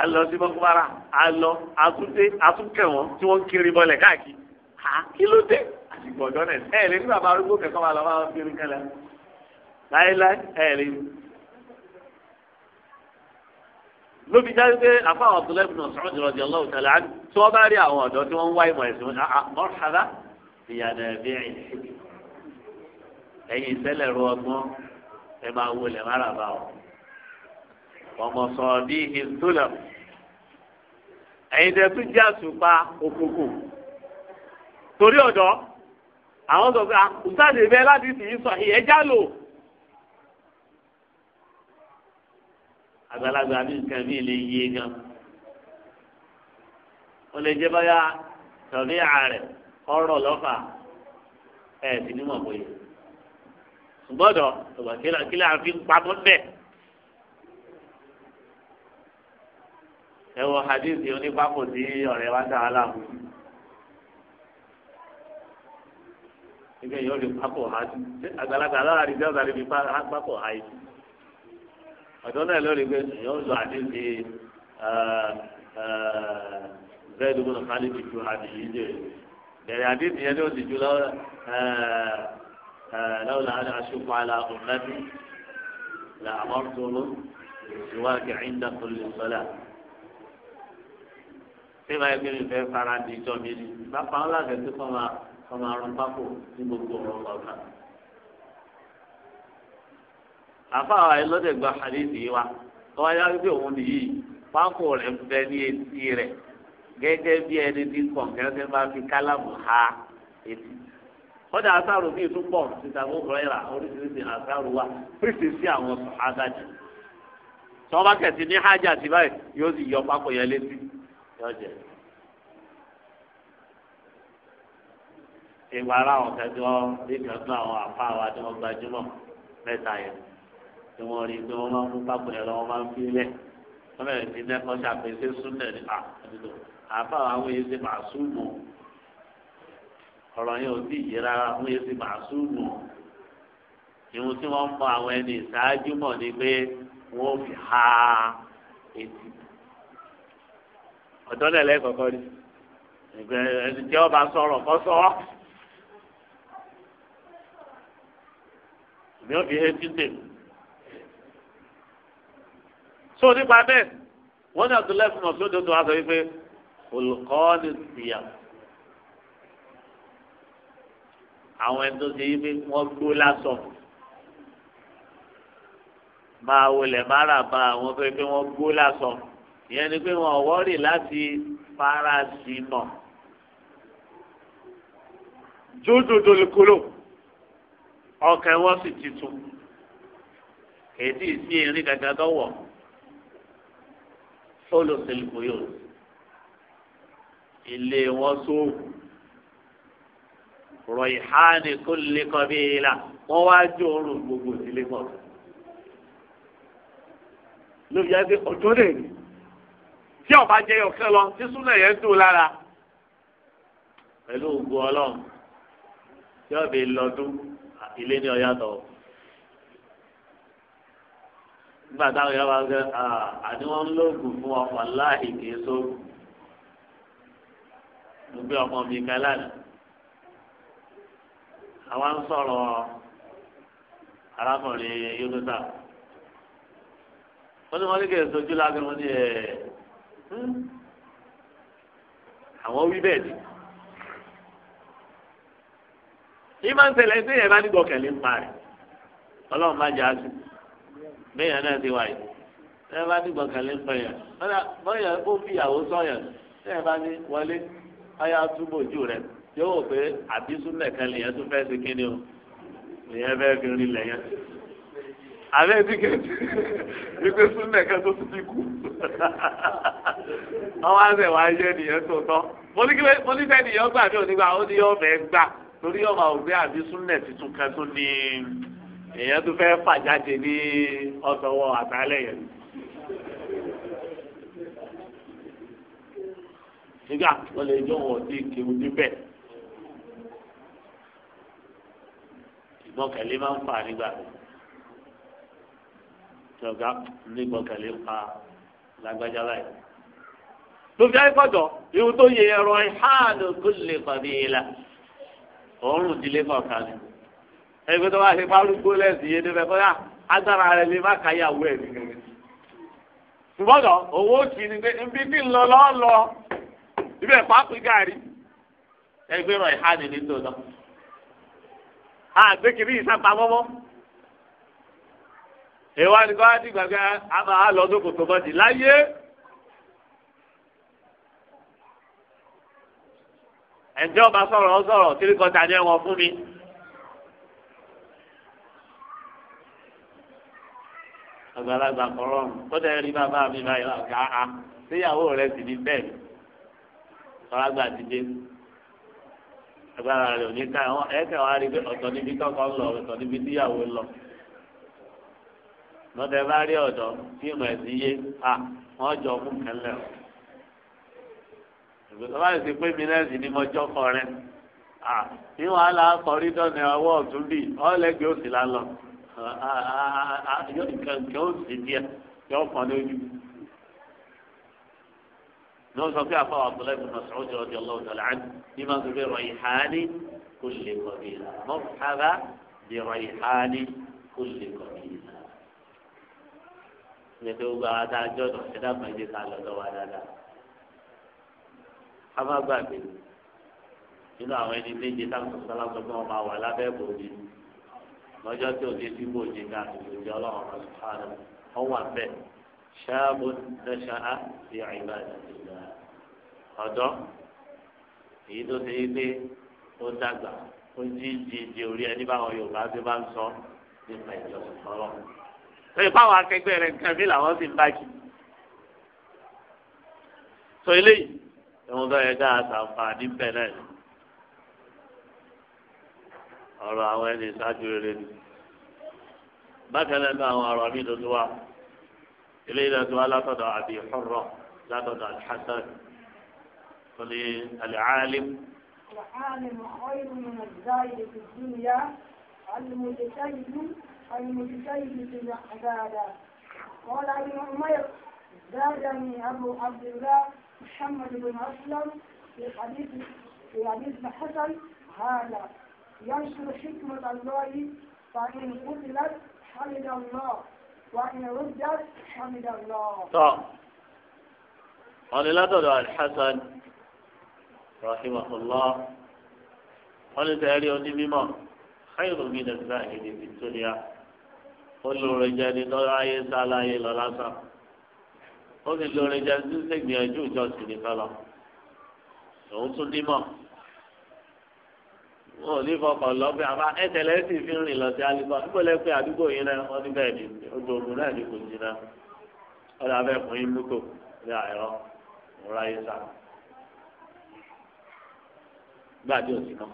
C: alọ sí mọ́kúbára alọ atúndé atúnkẹ̀wọ́n tí wọ́n kiri bọ́lẹ̀ káàkiri ha kí ló dé àsìkò ọ̀dọ́ náà ẹ̀ lè ní bàbá arúgbó kẹ̀kọ́ máa lọ máa fi irun kẹlẹ̀ láéláé ẹ̀ lè ní. lóbi jáde pé àfa àwọn ọ̀tún lẹ́bùn náà sọ̀rọ̀ jùlọ di ọlọ́wọ́ tẹ̀lé àdùn tí wọ́n bá rí àwọn ọ̀dọ́ tí wọ́n ń wá ìmọ̀ ẹ̀sìn wọn mọ́ṣálá ìyànà ẹ̀bí ẹ̀yìn ìṣẹ̀lẹ̀ ru ọgbọ́n ẹ máa wo lẹ̀ mára bá ọ. ọmọ sọ bíi ìtúlẹ̀ ẹ̀yin tẹ̀ jẹ́ àtùpà òkùnkùn torí ọ̀dọ́ àwọn sọ pé àkùsáàdì bẹ́ẹ̀ láti sì sọ ìyẹn já lò. àgbàlagbà bí nǹkan mi lè yé gan. ó lè jẹ́ báyà tọ̀bí ààrẹ ọ̀rọ̀ lọ́fà ẹ̀ sì ní mọ̀ bóyá. gbọ́dọ̀ tọ̀gbà kílẹ̀ àfi ń pamọ́ bẹ́ẹ̀. ẹ wọ hadithi onípapò tí ọ̀rẹ́ wa dára láàmú. ibẹ̀ yóò lè pápọ̀ ha àgbàlagbà alára rí jẹ́ ọ̀sán ibi pápọ̀ ha yìí ọ̀dọ́ náà lórí pé yóò lọ àdéhùn bẹ́ẹ̀ ló gbọ́dọ̀ kálí ti ju àdéhùn yìí jẹ́ bẹ̀rẹ̀ àdéhùn yẹn ló ti ju lọ́wọ́lá aṣọ́kọ̀ àlà ọ̀nàbí là àmọ́tòrò ìwádìí àyíndà tó lè sọ́lá ṣé máa ń gbé mi fẹ́ fara di ìjọ mi ni bá pa ọ́ láti tó kọ́ máa kọ́mọ àrùn pákó ní gbogbo ọ̀rọ̀ kọ̀ọ̀kan. àfa àwọn ẹlọ́dẹ̀ gba hadithi wa tọ́wọ́ yá wípé òun nìyí pákó rẹ̀ bẹ ní etí rẹ̀ gẹ́gẹ́ bí ẹni tí kọ̀ǹkẹ́sẹ̀ bá fi kálámù ha etí. kọ́dà asáàrù bíi túbọ̀ títa gbogbo rẹ̀ oríṣiríṣi asáàrù wa pèsè sí àwọn sàhábàjì. tọ́wọ́ bá kẹ̀sì ní hájà sí báyìí yóò sì yọ pákó yẹn létí yọjẹ́. ìwà àwọn kẹjọ nìkan tó àwọn àfa wa tí wọ́n gbajúmọ̀ mẹ́ta yẹn tí wọ́n rí pé wọ́n máa ń mú pápọ̀ yẹn lọ́wọ́ máa ń fi lẹ̀ wọ́n bẹ̀rẹ̀ sí lẹ́kọ́ ṣàpèsè súnlẹ̀ nípa àdúgbò àfa àwọn èyí ti máa súnmù ọ̀rọ̀ yẹn ò tí ì yé rárá wọ́n èyí ti súnmù ìhun tí wọ́n mọ àwọn ẹni ìṣáájú mọ̀ ni pé wọ́n fi ha etí ọ̀dọ́lẹ̀ lẹ́kọ̀ọ́kọ́ ni ẹni tí ọba sọ̀rọ̀ kọ́ sọ́ ni ó fi hẹ́ títè. so nípa bẹ́ẹ̀ wọ́n ní Abdullahi fún ọ̀sùn tó tó wá sọ wípé olùkọ́ ni tìyà àwọn ẹni tó ṣe yí pé wọ́n gbó lásán máa wọlé máràbà àwọn tó ṣe pé wọ́n gbó lásán ìyẹn ni pé wọn ò wọ́rì láti fara sí mọ́ jódòdò lè kúrò ọkẹ wọn sì ti tu èdè ìsí erin gàgà dọwọ olùsèlùkù yòó ilé wọn sóòkù rọ̀ìhánì kó lè kọ́ bí ilà wọ́n wá jó oorun gbogbo ìdílé pọ̀. lóbi á dé ọjọ́ lè tí ọba jẹ́ ọ̀kẹ́ lọ tí súnà yẹn dùn lára pẹ̀lú ògùn ọlọ́run tí ọbẹ̀ lọ́dún. ilé ní ọ̀yá tọ̀ nígbà táwọn yàrá wọn gbé àní wọn ń lóògùn fún ọmọ láàyè kìí sóògùn mo gbé ọmọ mi kan lánàá àwọn ń sọ̀rọ̀ arákùnrin yónúta wọn ni wọ́n ní kí sojú ní hmm? àwọn wí yìí máa ń tẹ̀lé ẹni tẹ́yẹ̀ bá nígbọ̀ kẹ̀lé ń pa rẹ̀ ọlọ́run bá jẹ́ àjù bẹ́yàn náà ti wà yìí tẹ́yẹ̀ bá nígbọ̀ kẹ̀lé ń pẹ̀yàn bọ́yà ó fi ìyàwó sọ̀yàn tẹ́yẹ̀ bá ní wọlé ọyá túbọ̀ jù rẹ̀ yóò wò pé àbísú nìkan lèyẹn tún fẹ́ sí kíni o lèyẹn fẹ́ fi rin lẹ́yìn àbẹ́ ti kẹ́ ẹgbẹ́ súnmẹ̀ kan tó ti kú ọwọ́ àṣẹ wàá yẹ nìyẹn tó tọ́ mo ní sẹ́ni yọ gbà torí ọmọ ògbé àbí súnlẹ̀ tuntun kan tó ní èèyàn tó fẹ́ fà jáde ní ọ̀sọ̀wọ́ àtàlẹ̀ yẹn. nígbà wọ́n lè jọ wọ́n ti kéwù níbẹ̀. ìgbọ́kẹ̀lé máa ń fà nígbà tí ọ̀gá nígbọ́kẹ̀lé pa lágbájá báyìí lóbi àìkọ́jọ́ ìhun tó yẹ ẹ̀rọ ìhàánù kó pàdé yìí la òórùn ìdílé kọ̀ọ̀kan ni ẹgbẹ́ tó bá fi pálukú lẹ́sìn yé débẹ̀ kọ́yà ah, agbára rẹ̀ lè má káyàwó ẹ̀ nínú rẹ̀ ṣùgbọ́n owó kì í ní pé nbí kí n lọ lọ́ọ́ lọ ibẹ̀ pápí gàrí ẹgbẹ́ rẹ̀ há ní ní tòótọ́ àgbẹ̀ kìíní ìsapamọ́mọ́ èèwà ni kọ́ á dìgbà pé a máa lọ sókòtò bọ́dì láyé. ẹ̀jẹ̀ ọba sọ̀rọ̀ ọ sọ̀rọ̀ kí nìkan ẹ̀wọ̀n fún mi. àgbàlagbà kọ̀rọ̀ kódà ẹ̀rí bàbá mi báyìí wà ká a síyàwó rẹ̀ sì ní bẹ́ẹ̀ kọ́lágbà ti dé agbára rẹ̀ ò ní ká ẹ̀kẹ́ wa rí ọ̀tọ̀ níbi tọ́kọ ń ọ̀tọ̀ níbi tíyàwó ń lọ bá rí ọ̀dọ́ tí ìmọ̀ ẹ̀sìn yé a wọ́n jọ fún kẹlẹ́ o ìgbésọ̀ bá ti pé mi náà sì ni mo jọ́kọ rẹ̀ ní wàhálà akọrí dọ́nà ọwọ́ ọ̀tún bì ọ̀lẹ́gbẹ̀ẹ́ òsì la lọ kẹ̀kẹ́ òsì díẹ̀ yọ kàn lójú. ní wọ́n sọ pé àfọwọ́ àbúlá ibùdó náà sọ̀rọ̀ jọ̀ọ́ di ọlọ́run tó làánú ní máa sọ pé rọ̀yìn hání kò lè kọ̀ bí i mọ́ ara di rọ̀yìn hání kò lè kọ̀ bí i. ní pé gbogbo àwọn adájọ́ náà ṣẹ̀dá mọ̀ ká lọ́dọ̀ wa dáadáa amágbàgbé nínú àwọn ẹni méje táwọn sọlá sọ pé wọn máa wà lábẹ́ bòójì lọ́jọ́ tí òde tí bòójì náà ti lè jẹ́ ọlọ́run kan sùpàdé wọn wà bẹ́ẹ̀ ṣáàbù dẹ́ṣà á ti àyíká ìdàgbà ọ̀dọ́ èyí tó ṣe é pé ó dàgbà ó jí jíjí orí ẹni báwọn Yorùbá ti bá ń sọ nípa ìjọsìn fọlọ́ lórí báwọn akẹgbẹ́ rẹ̀ nǹkan mi làwọn sì ń bá kí. sọ eléyìí ìwọ̀n tó yẹ ká àtàǹfààní bẹ̀ náà ni ọ̀rọ̀ àwọn ẹni ìṣáájú rere ni bákan náà àwọn ọ̀rọ̀ mi tuntun wa ilé ìlànà tó wá látọ̀dọ̀ àbí ìfọ̀rọ̀ látọ̀dọ̀ alḥasan tó ní alìcálìm.
D: العالم خير من الزاهد في الدنيا المتشيد المتشيد في العبادة قال ابن عمر زادني أبو عبد الله محمد بن أسلم في حديث في حديث حسن هذا ينشر حكمة الله فإن قتلت حمد الله وإن ردت حمد الله.
C: طيب. قال لا تدع الحسن رحمه الله قال تعالى بما خير من الزاهد في الدنيا كل رجال ضيع يسعى لا يلا ó sì lórí jẹ tí ṣe gbìyànjú ìjọsìn nìkan lọ òun tún dín wọn ò ní fọkàn lọgbẹ àbá ẹsẹlẹ sì fi ń rìn lọ sí alibọ nígbà lẹ àdúgbò yìí náà wọn ní bẹ́ẹ̀ ni ojú ogun náà ní kò jìnnà wọn làbẹ fún yín lóko ní àìrọ ìrora yìí sá gbàdí òsì náà.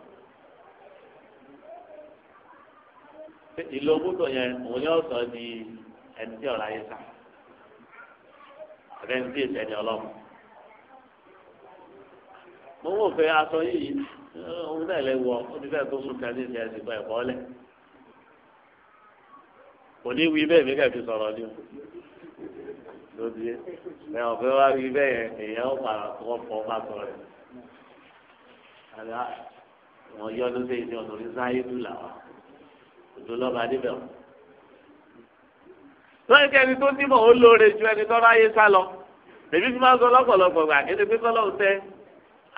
C: ìlú ogún tó yẹn òun yóò sọ di ẹni tí ọ̀rá yìí sá àbẹ́ntì ìsẹ̀ni ọlọ́run. mo ń wò pé aṣọ yìí òun náà lè wọ ó ti fẹ́ẹ́ tó sùn kan ní ìsẹ̀ ẹ̀sìn kan ẹ̀kọ́ lẹ̀. kò ní wí bẹ́ẹ̀ mi kẹ́ fi sọ̀rọ̀ ni
A: lóde ẹ̀ ọ̀fẹ́ wá wí bẹ́ẹ̀ èèyàn ó fara kọ́ fọ́ bá sọ rẹ̀.
C: àlá wọn yọ ọdún sí ìdí ọ̀nà orí sáyé dùn làwà òdò lọ́ba adébẹ̀ wọn. lọ́yìn kẹ́ni tó nímọ̀ ó lóore ju ẹni tó ráyé sá lọ tèmi fi máa sọ lọ́pọ̀lọpọ̀ gbà kéde pé kọ́lọ́ tẹ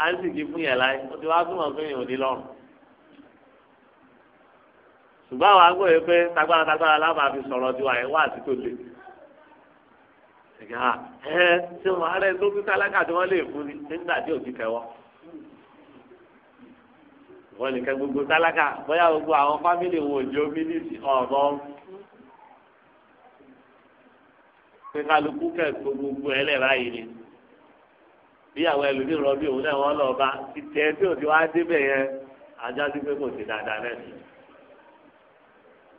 C: àìsìkì fún yẹn láyé ó ti wá túmọ̀ fún yẹn òní lọ́rùn. ṣùgbọ́n àwọn agbóhùn yẹn pé tagbára tagbára lábà fi sọ̀rọ̀ tiwa yẹn wá àti tó le. ẹ̀gá ẹ ṣé wọn arẹ tó tún tálákà tí wọ́n lè fún ni nígbà tí òbí tẹ̀wọ́. wọ́n nìkan gbogbo tálákà bóyá gbogbo àwọn fámìlì wọn ò jó mílíìtì ọ̀ọ́ pé kálukú kẹ̀kọ́ gbogbo ẹ̀ lẹ̀ báyìí ni bíyàwó ẹlòmíì rọbí òun náà wọn lọ bá títẹ tí ò ti wá débẹ̀ yẹn ajá sí pé kò sí dáadáa náà ni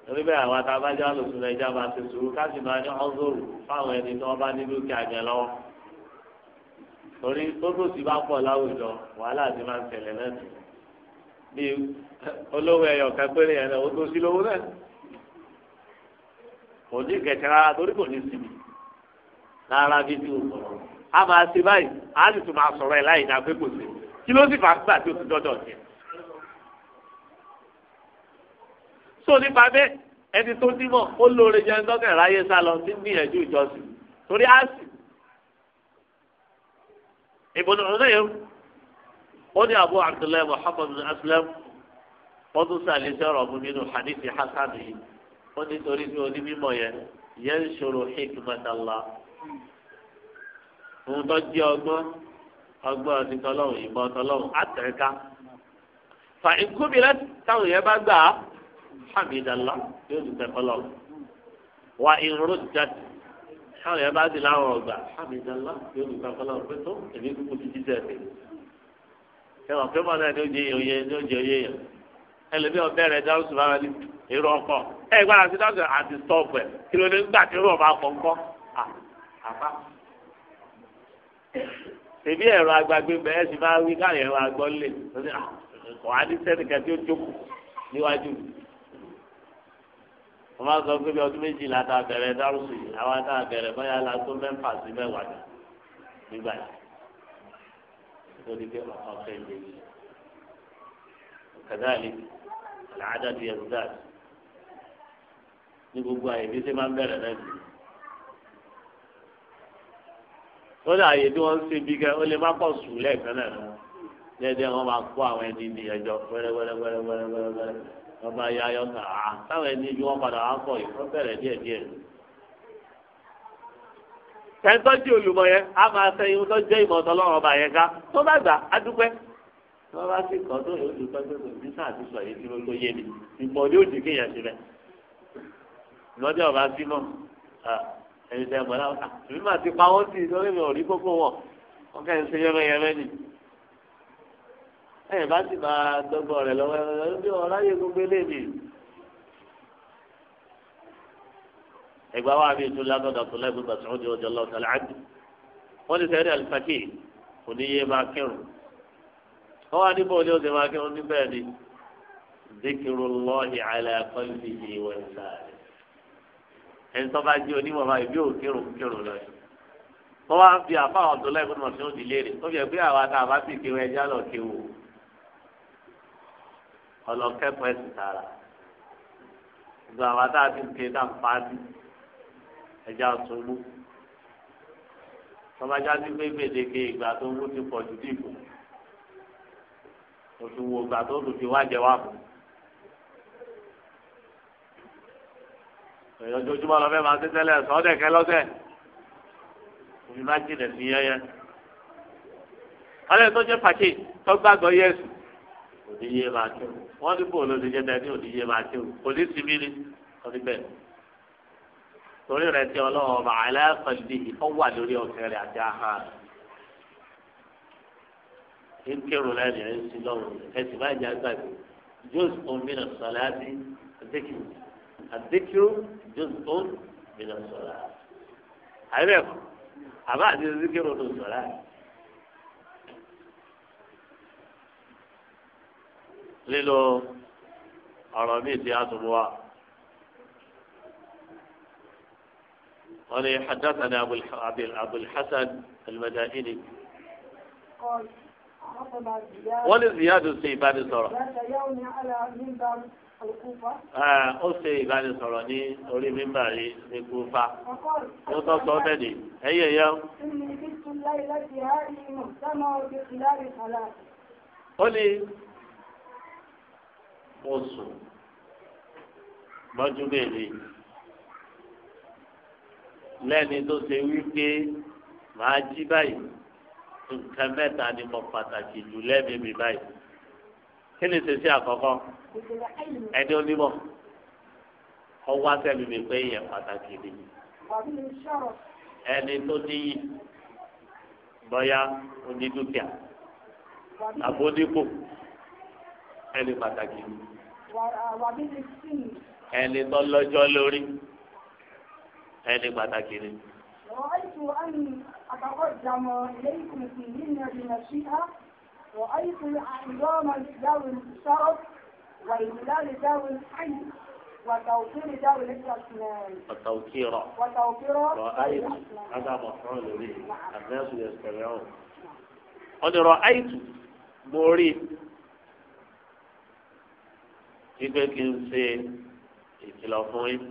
C: torí bẹ́ẹ̀ àwọn atabájá lòsùn náà ìjà máa ti sùúrù káṣí máa ní ọ́nzọ́rù fáwọn ẹni tí wọ́n bá ní dúkìá jẹ lọ́wọ́ torí tótòsí bá pọ̀ láwùjọ wàhálà ti máa ń tẹ̀lé náà bí olówó ẹyọ kẹpẹ́rẹ́ yẹn náà tó sí lówó náà kò ní kẹ̀kẹ́ rárá torí kò ní síbi rárá bíbí o sọ̀rọ̀ a máa ṣe báyìí a sì tún máa sọ̀rọ̀ ẹ̀ láì dá pé kò sí kí ló sì fà gbà tí o ti dọ́dọ̀ jẹ. so nípa bẹ́ẹ̀ ẹni tó dímọ̀ ó lóore jẹ́ ńdọ́kẹ̀ ráyé sá lọ sí gbìyànjú ìjọsìn torí a sì ìbùdó ọ̀dọ́ yẹn ó ní Abu Abdullahi Muhammad Aslam wọ́n tún sàlẹ̀ sọ̀rọ̀ ọ̀bùn nínú hadithi hasan yìí ó ní torí bí onímọ̀ yẹn yẹn ń ṣòro hikmata Allah òun tó jẹ́ ọgbọ́n ọgbọ́n ti tọ́lọ́hùn ìbọn tọ́lọ́hùn àtẹ̀ká fa ìkúbilẹ̀ táwọn yẹn bá gbà á hàmìdàlá yóò dùn tọ́lọ́hùn wa ìrúdà táwọn yẹn bá ti láwọn ọgbà hàmìdàlá yóò dùn tọ́lọ́hùn pé tó èmi kúkú ti jíjẹ́ mi ẹwà pé mọ náà ni ó jẹ oyè ni ó jẹ oyè yẹn ẹlòmíì ọbẹ rẹ dáhùn sùn bára ní èrò ọkọ ẹ gbára sí dáhùn àti stọọpù ẹ kí ló dé gbà tí ó rọ bá àbá tèmi ẹ̀rọ agbagbe bẹ́ẹ̀ sì máa wí káyọ̀ ẹ̀rọ agbọ́ lè kọ́ á ní sẹ́nìkan tí ó jókòó níwájú wọ́n máa sọ pé bí ọdún méjìlá tá a bẹ̀rẹ̀ dárúsù yìí àwa tá a bẹ̀rẹ̀ báyà la tó mẹ́fà sí mẹ́wàá jà nígbà yìí nítorí pé ọ̀fẹ́ ń bẹ̀rẹ̀ kàdáàlì àlàáda ti ẹ̀rù dáàbì ní gbogbo àyè bí ṣe máa ń bẹ̀rẹ̀ náà lórí àyè tí wọ́n ṣe bí kẹ́ ó lè má pọ̀ sùn lẹ́ẹ̀kan náà lọ wọn máa kó àwọn ẹni ní ẹjọ́ wẹ́rẹ́wẹ́rẹ́wẹ́rẹ́wẹ́rẹ́ wọ́n bá yá ayọ́ kà á táwọn ẹni bí padà wá yìí olùmọ̀ yẹn máa tó jẹ́ ìmọ̀ ọba yẹn ká tó bá gbà á dúpẹ́ wọ́n bá sì kọ́ tó yóò dúpẹ́ tó ẹni tẹ mọ náà àbí màá ti pa wọn sí lórí mi ò rí kókó wọn wọn kẹ́ ń ṣe yẹ́rẹ́yẹ́rẹ́ ni. ẹ̀yìn bá sì máa dọ́gbọ́n rẹ̀ lọ́wọ́ ẹ̀rọ bí ọ̀ráyè gbogbo eléyìí. ẹgbẹ́ wa bí ìtura lọ́dọ̀ tó lẹ́gbẹ́ gbàtúrò di ọjọ́ lọ́wọ́ tẹ̀lé àdì. wọ́n ti sẹ́rí àlùfáàkì kò ní yé máa kírun. wọ́n wá níbo ni ó ti máa kírun níbẹ̀ ni. zikirullahi ala qalbihi wa lisanihi ẹni tó bá jẹ́ onímọ̀ báyìí bí òkèrò kérò lọ yìí wọ́n wá ń fi àfáà ọ̀dọ́ lẹ́gbẹ̀ẹ́ mọ̀ sí òdì léèrè ó fi ẹ̀gbẹ́ àwa tá a bá sì kéwọ́ ẹja lọ kéwò ọlọ́kẹ́kọ̀ọ́ ẹ̀sìn tààrà gbogbo àwa tá a ti ń ké dá ń parí ẹja sunmú tọ́bajá sí pé gbèdéke ìgbà tó ń mú ti pọ̀ jù dìbò òtún ìgbà tó tún fi wá jẹ wá fún un. èèyàn ojoojúmọ́ lọ fẹ́ máa ṣe tẹ́lẹ̀ sọ́ọ́dẹ̀kẹ́ lọ́sẹ̀ òfin má jìnà sí yẹn yẹn. alẹ́ tó jẹ́ pàṣẹ tó gbàgbọ́ yẹ́sù òdìyẹ máa tó wọ́n ní bò ló ti jẹ́ dání òdìyẹ máa tó polisi mi ni wọ́n ti bẹ̀. torí rẹ̀ ti ọlọ́run ọba aláìsàn-dì ó wà lórí ọ̀kẹ́ rẹ̀ àti ahọ́n rẹ̀. ń kírun lẹ́nu ẹ̀ ń sin lọ́rùn ẹ̀ sì máa jẹ́ àgbàdo jọ́sùn omi nà الذكر جزء من الصلاة عارف أبعد الذكر من الصلاة للو ọ̀rọ̀ míì tí وني حدثنا أبو الحسن المدائني
D: قال ولزياد السيفان صرا ذات يوم على منبر Ah,
C: ó ṣe ìbánisọ̀rọ̀ ní orí mímbà yìí ní kúfà ó tọ́ sọ bẹ́ẹ̀ ni ẹ̀yẹ yẹ. ó ní mo sùn lọ́jú bèèrè lẹ́ni tó ṣe wípé màá jí báyìí nǹkan mẹ́ta ni mo pàtàkì jù lẹ́mìí mi báyìí kí ni sèse àkọ́kọ́ ẹni onímọ̀ ọwọ́ sẹ́lu mi pé yẹn pàtàkì ni ẹni tó níyì bọ́yá onídùkìá àbódìpò ẹni pàtàkì ni ẹni tó lọ́jọ́ lórí ẹni pàtàkì ni.
D: رأيت أن أتقدم إليكم في منى بنصيحة رأيت عظام ذوي الشرف وإملال ذوي الحي وتوفير ذوي الأسنان وتوفير وتوفير رأيت هذا مفعول به
C: الناس يستمعون قد رأيت موري ipe kí n ṣe ìkìlọ̀ fún yín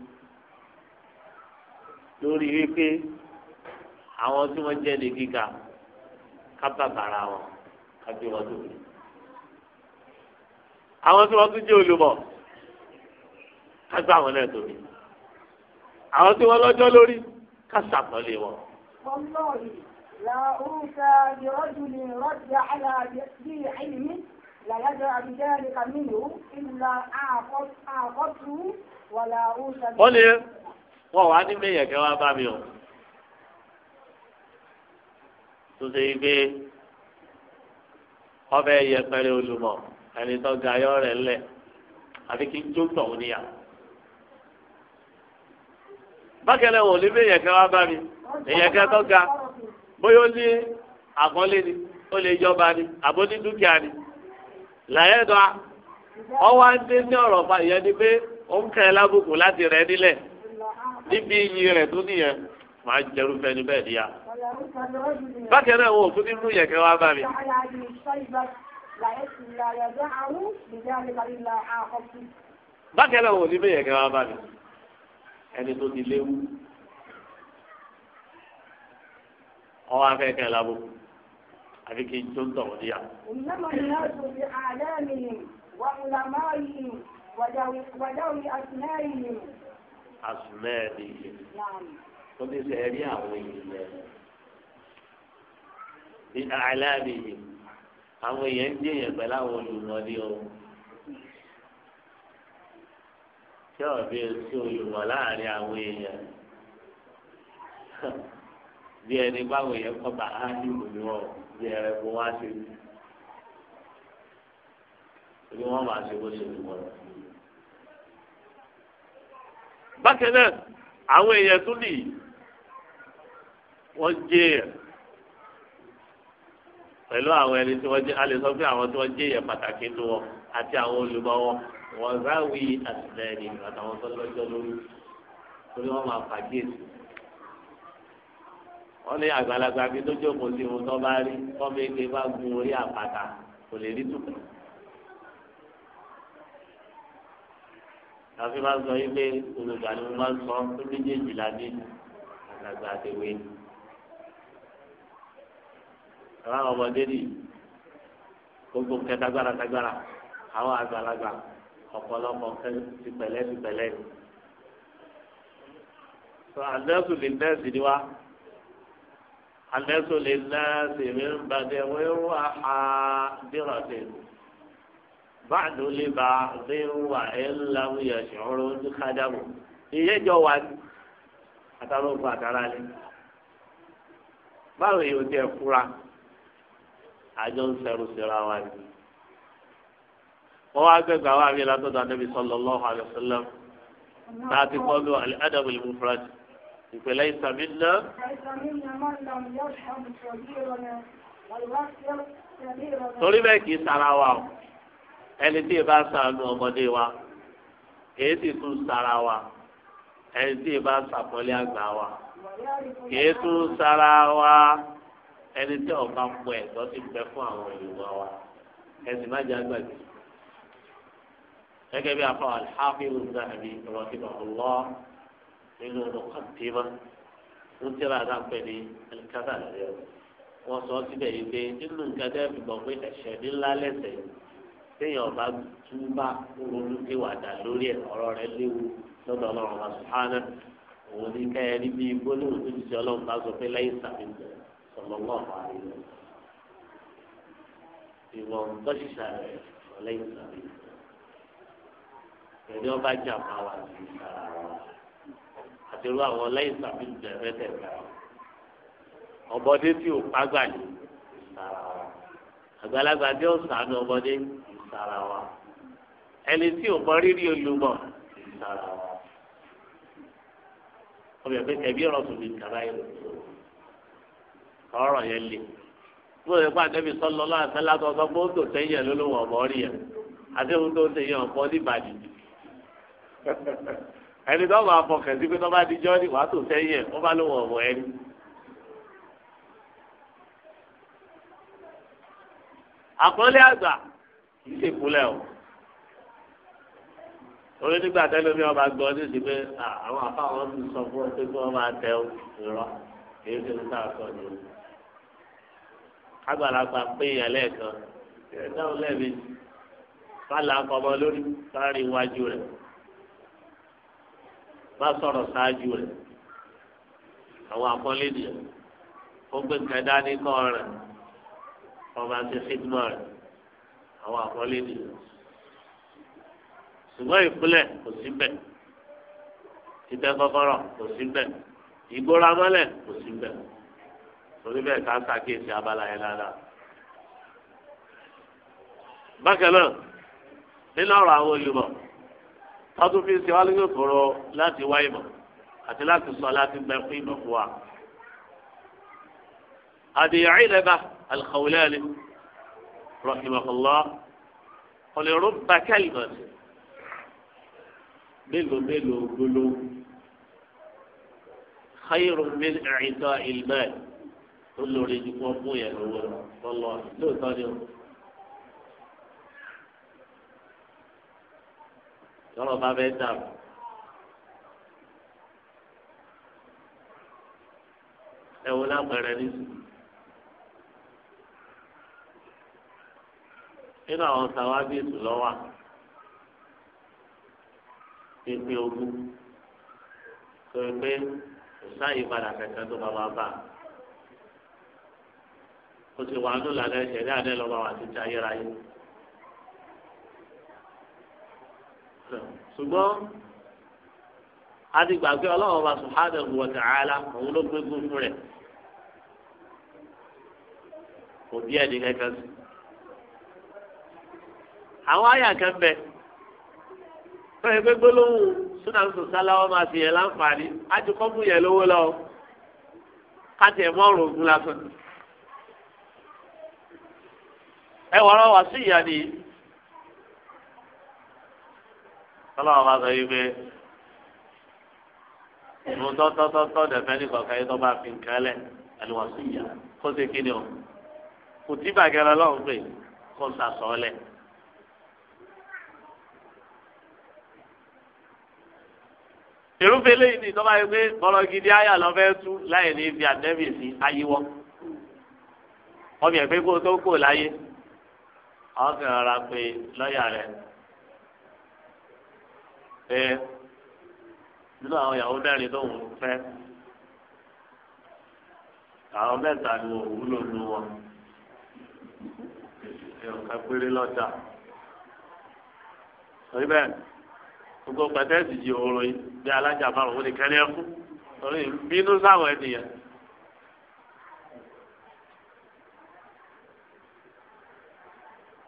C: lórí wípé àwọn tí wọ́n jẹ́ ní gíga ká bàbàrà wọn kájú wọn tóbi àwọn tí wọn tún jẹ olùmọ̀ kájú àwọn náà tóbi àwọn tí wọn lọ́jọ́ lórí kásàpọlẹ wọn.
D: لا أوصى برجل رد على ذي علم لا يدع بذلك منه إلا أعقبته ولا أوصى wọ́n lè
C: wọ́n wá ní mẹ́yẹ̀kẹ́ wá bá mi o tó ṣe é gbé ọbẹ̀ yẹpẹrẹ olùmọ̀ ẹni tó ga ayọ́ rẹ̀ lẹ̀ àfi kí n tó tọ̀ ọ́ níyà. bákẹ́lẹ́ wọn ò ní bí èèyàn wá bá mi èèyàn tó ga bóyá ó ní àkọlé ni ó lè jọba ni àbó ní dúkìá ni làyẹ̀dọ́ ọ wá ń dé ní ọ̀rọ̀ fa ìyẹn ni pé ó ń kẹ́ ẹ lábùkù láti rẹ̀ nílẹ̀ níbi iyì rẹ̀ tó nìyẹn máa jẹrú fẹ́ni bẹ́ẹ̀ níyà
D: bákan náà wọn ò tún ní mú yẹ̀kẹ́ wá bá mi.
C: bákan náà wọn ò ní mú yẹ̀kẹ́ wá bá mi ẹni tó ti léwu ọwọ́ afẹ́kẹ́ labo àfi kí n tó ń tọ̀wọ́ níyà.
D: ìnáwó ni a
C: sọ fi ti sẹ́ẹ̀rí àwọn èèyàn bí aláàbí yìí àwọn èèyàn ń jẹyàn pẹ̀lú àwọn olùmọ̀lé o tí ọ̀bí sí olùmọ̀ láàrin àwọn èèyàn bí ẹni báwọn èèyàn kọ́ bá á ní ìlú wọn bí ẹrẹ kó wá sí
A: i bí wọ́n máa ṣe
C: bó ṣe lù wọ́n. bákan náà àwọn èèyàn tún lì wọ́n jẹ́ ẹ̀ pẹ̀lú àwọn ẹni tí wọ́n jẹ́ alẹ́ sọ pé àwọn tí wọ́n jẹ́ yẹ pàtàkì tó wọn àti àwọn olùbọ̀ wọn wọ́n záwì àtìlẹ́yìn àtàwọn tó lọ́jọ́ lórí torí wọ́n máa fàgéèsì. wọ́n ní àgbàlagbà bíi tó jókòó sí ohun tó bá rí tọ́mọ eke bá gun orí àpáta kò lè rí tùkù. àfi máa sọ yí pé olùgbàlù máa sọ pé méjèèjì la ní àgbàgbà àtẹwé ni ẹ̀rọ àwọn ọmọdé nì gbogbo nǹkan tagbára tagbára àwọn àgbàlagbà ọ̀pọ̀lọpọ̀ nǹkan ti pẹ̀lẹ́ ti pẹ̀lẹ́ ni. sọ àdẹ́sù lè nẹ́ẹ̀sì ni wá àdẹ́sù lè nẹ́ẹ̀sì mi ń bàdé wíwú àhà dírọ̀tì báàdù lè bá wíwú àìlà wíyànjú ọ̀rọ̀ ojú kájàmù ìyẹ́jọ wà ní àtàlóògùn àtàrà ni báwo yóò tẹ̀ fúra àjọ ń sẹrù síra wa ni wọn wá gbẹgbẹ àwọn àmì látọ̀dọ̀ anábì sallallahu alaihi wasallam náà ti kọ́ lu al-adab al-mufrad ìpìlẹ̀ ìsàmìnà.
D: torí bẹ́ẹ̀ kì í sara wa
C: o ẹni tí ì bá sànù ọmọdé wa kì í sì tún sara wa ẹni tí ì bá sàpọ̀lẹ́ àgbà wa kì í tún sara wa ẹni tí ọba pọ̀ ẹ̀tọ́ ti pẹ́ fún àwọn Yorùbá wa ẹ̀sìn má jẹ́ àgbàgbé gẹ́gẹ́ bí afọ alḥafiru zahabi rahimahullah nínú olùkọ́tìmá ń tẹ́lá náà pẹ́ ní alikata rẹ̀ wọ́n sọ síbẹ̀ yìí pé nínú nǹkan tẹ́ fi gbọ́ pé ẹ̀ṣẹ̀ ńlá lẹ́ṣẹ̀ téèyàn ọba túbá olùkéwàdà lórí ọ̀rọ̀ rẹ̀ léwu lọ́dọ̀ ọlọ́run wa subhanahu òun ní káyọ̀ níbi gbólóhùn tó ti sọ ọlọ́run bá sọ pé láyé sàmì صلى الله عليه ìwọ في rẹ ọlẹyìn sàbí ẹni ọba jà máa wà الله ìsara wọn àti irú àwọn ọlẹyìn sàbí bẹ̀rẹ̀ tẹgbà ọbọdé tí ò pàgbà ní ìsara wọn àgbàlagbà tí ó sànù ọbọdé ìsara wọn ẹni tí ò mọ olùmọ ìsara wọn ọbẹ̀ pé ẹbí ọ̀rọ̀ tó lè kàrá ẹ̀ lọ́sọ̀rọ̀ ọ̀rọ̀ yẹn le wọ́n yẹ kó àtẹ́bí sọ́lọ́ láàfẹ́ látọ̀tọ̀ pé ó tò sẹ́yìn ló ló wọ̀ ọ̀bọ̀ rí yẹn àti ohun tó ń tẹ̀ yẹn ọ̀pọ̀ níbàdí ẹni tó bá fọkàn sí pé tó bá di jọ́ọ̀nì wàá tò sẹ́yìn wọ́n bá ló wọ̀ ọ̀bọ̀ ẹni. àpọ́nlé àgbà kì í ṣèkúlẹ̀ o orí nígbà tẹ́lẹ̀ mi ọba gbọ́ ní ti pé àwọn àfáwọn ti sọ fún ọ pé kí wọ́n máa tẹ ìrọ kì ṣe ní sáà sọ ní o kágbàlagbà pé èèyàn lẹ́ẹ̀kan ẹ̀dáhùn lẹ́ẹ̀mejì kálá akọmọ lórí sáré iwájú rẹ̀ má sọ̀rọ̀ ṣáájú rẹ̀ àwọn àkọlé nìyẹn ó gbé kẹdá ní kọ́ rẹ̀ ọba ti sigma rẹ̀ àwọn àkọlé nìyẹn ṣùgbọ́n ìpínlẹ̀ kò sí bẹ́ẹ̀ títẹ́ kọ́kọ́rọ́ kò sí bẹ́ẹ̀ ìgbóra mọ́lẹ̀ kò sí bẹ́ẹ̀. torí bẹ́ẹ̀ ká ṣàkíyèsí abala yẹn dáadáa. bákan náà nínú ọ̀rọ̀ àwọn olùmọ̀ tọ́tún fi ń ṣe wálé ìṣòro láti wá ìmọ̀ àti láti sọ láti gbẹ fún ìmọ̀ fún wa. Adiya'ilaba al-Khawlani oleru qala rubba si mélòó mélòó gbólóhùn khayrun min i'ta'i al tó lórí ju kó mú yẹn lówó lọ́lọ́ lóòótọ́ ni o. tọ́lọ̀ bá fẹ́ dà o. ẹ wo lápẹẹrẹ ní sùn. nínú àwọn sàwábì sùn lọ́wọ́ pínpín ogún tó ń padà kẹ̀kẹ́ tó bá wà bá kó sì wà nínú lànà ìṣẹ̀lẹ̀ àná ìlọ́ba wà títí ayérayé. ṣùgbọ́n a ti gbà pé ọlọ́run ọba subhanahu wa ta'ala òun ló gbégún fún rẹ̀ kò bí ẹni kankan sí. àwọn àyà kan fẹ́ẹ́ pé gbólóhùn súnàmùsùn sáláwó máa fi yẹn láǹfààní á ti kọ́ fún yẹn lówó lọ́wọ́ ká tiẹ̀ mọ́ ọ̀rọ̀ ogun lásán. ẹ wọ́n wá sí ìyá ni tọ́lọ́wọ́ bá sọ yìí pé mo tọ́tọ́tọ́tọ́ dẹ̀fẹ́ ní kọ̀ọ̀kan yìí tó bá fi nǹkan lẹ̀ ẹni wọ́n sí ìyá kó ṣe kí ni o kò tí bàgẹ́ lọ lọ́wọ́ pé kó sàṣọ lẹ̀. irúfẹ́ lẹ́yìn ní ìtọ́ba yìí pé bọ́lọ́ gidi ayà lọ fẹ́ tú láì ní ibi àdẹ́bì sí ayíwọ́ ọbẹ̀ pé kó tó kò láyé. ọkàn ara pé lọ́yà rẹ̀ pé nínú àwọn ìyàwó mẹ́rin tó ń fẹ́ àwọn mẹ́ta ni wọ́n wúlò lu wọn ìrùkẹ́ péré lọ́jà torí bẹ́ẹ̀ gbogbo pẹ̀tẹ́ẹ̀sì yìí oorun bí alájà márùn-ún ní kẹ́lẹ́ fún torí bínú sáwọn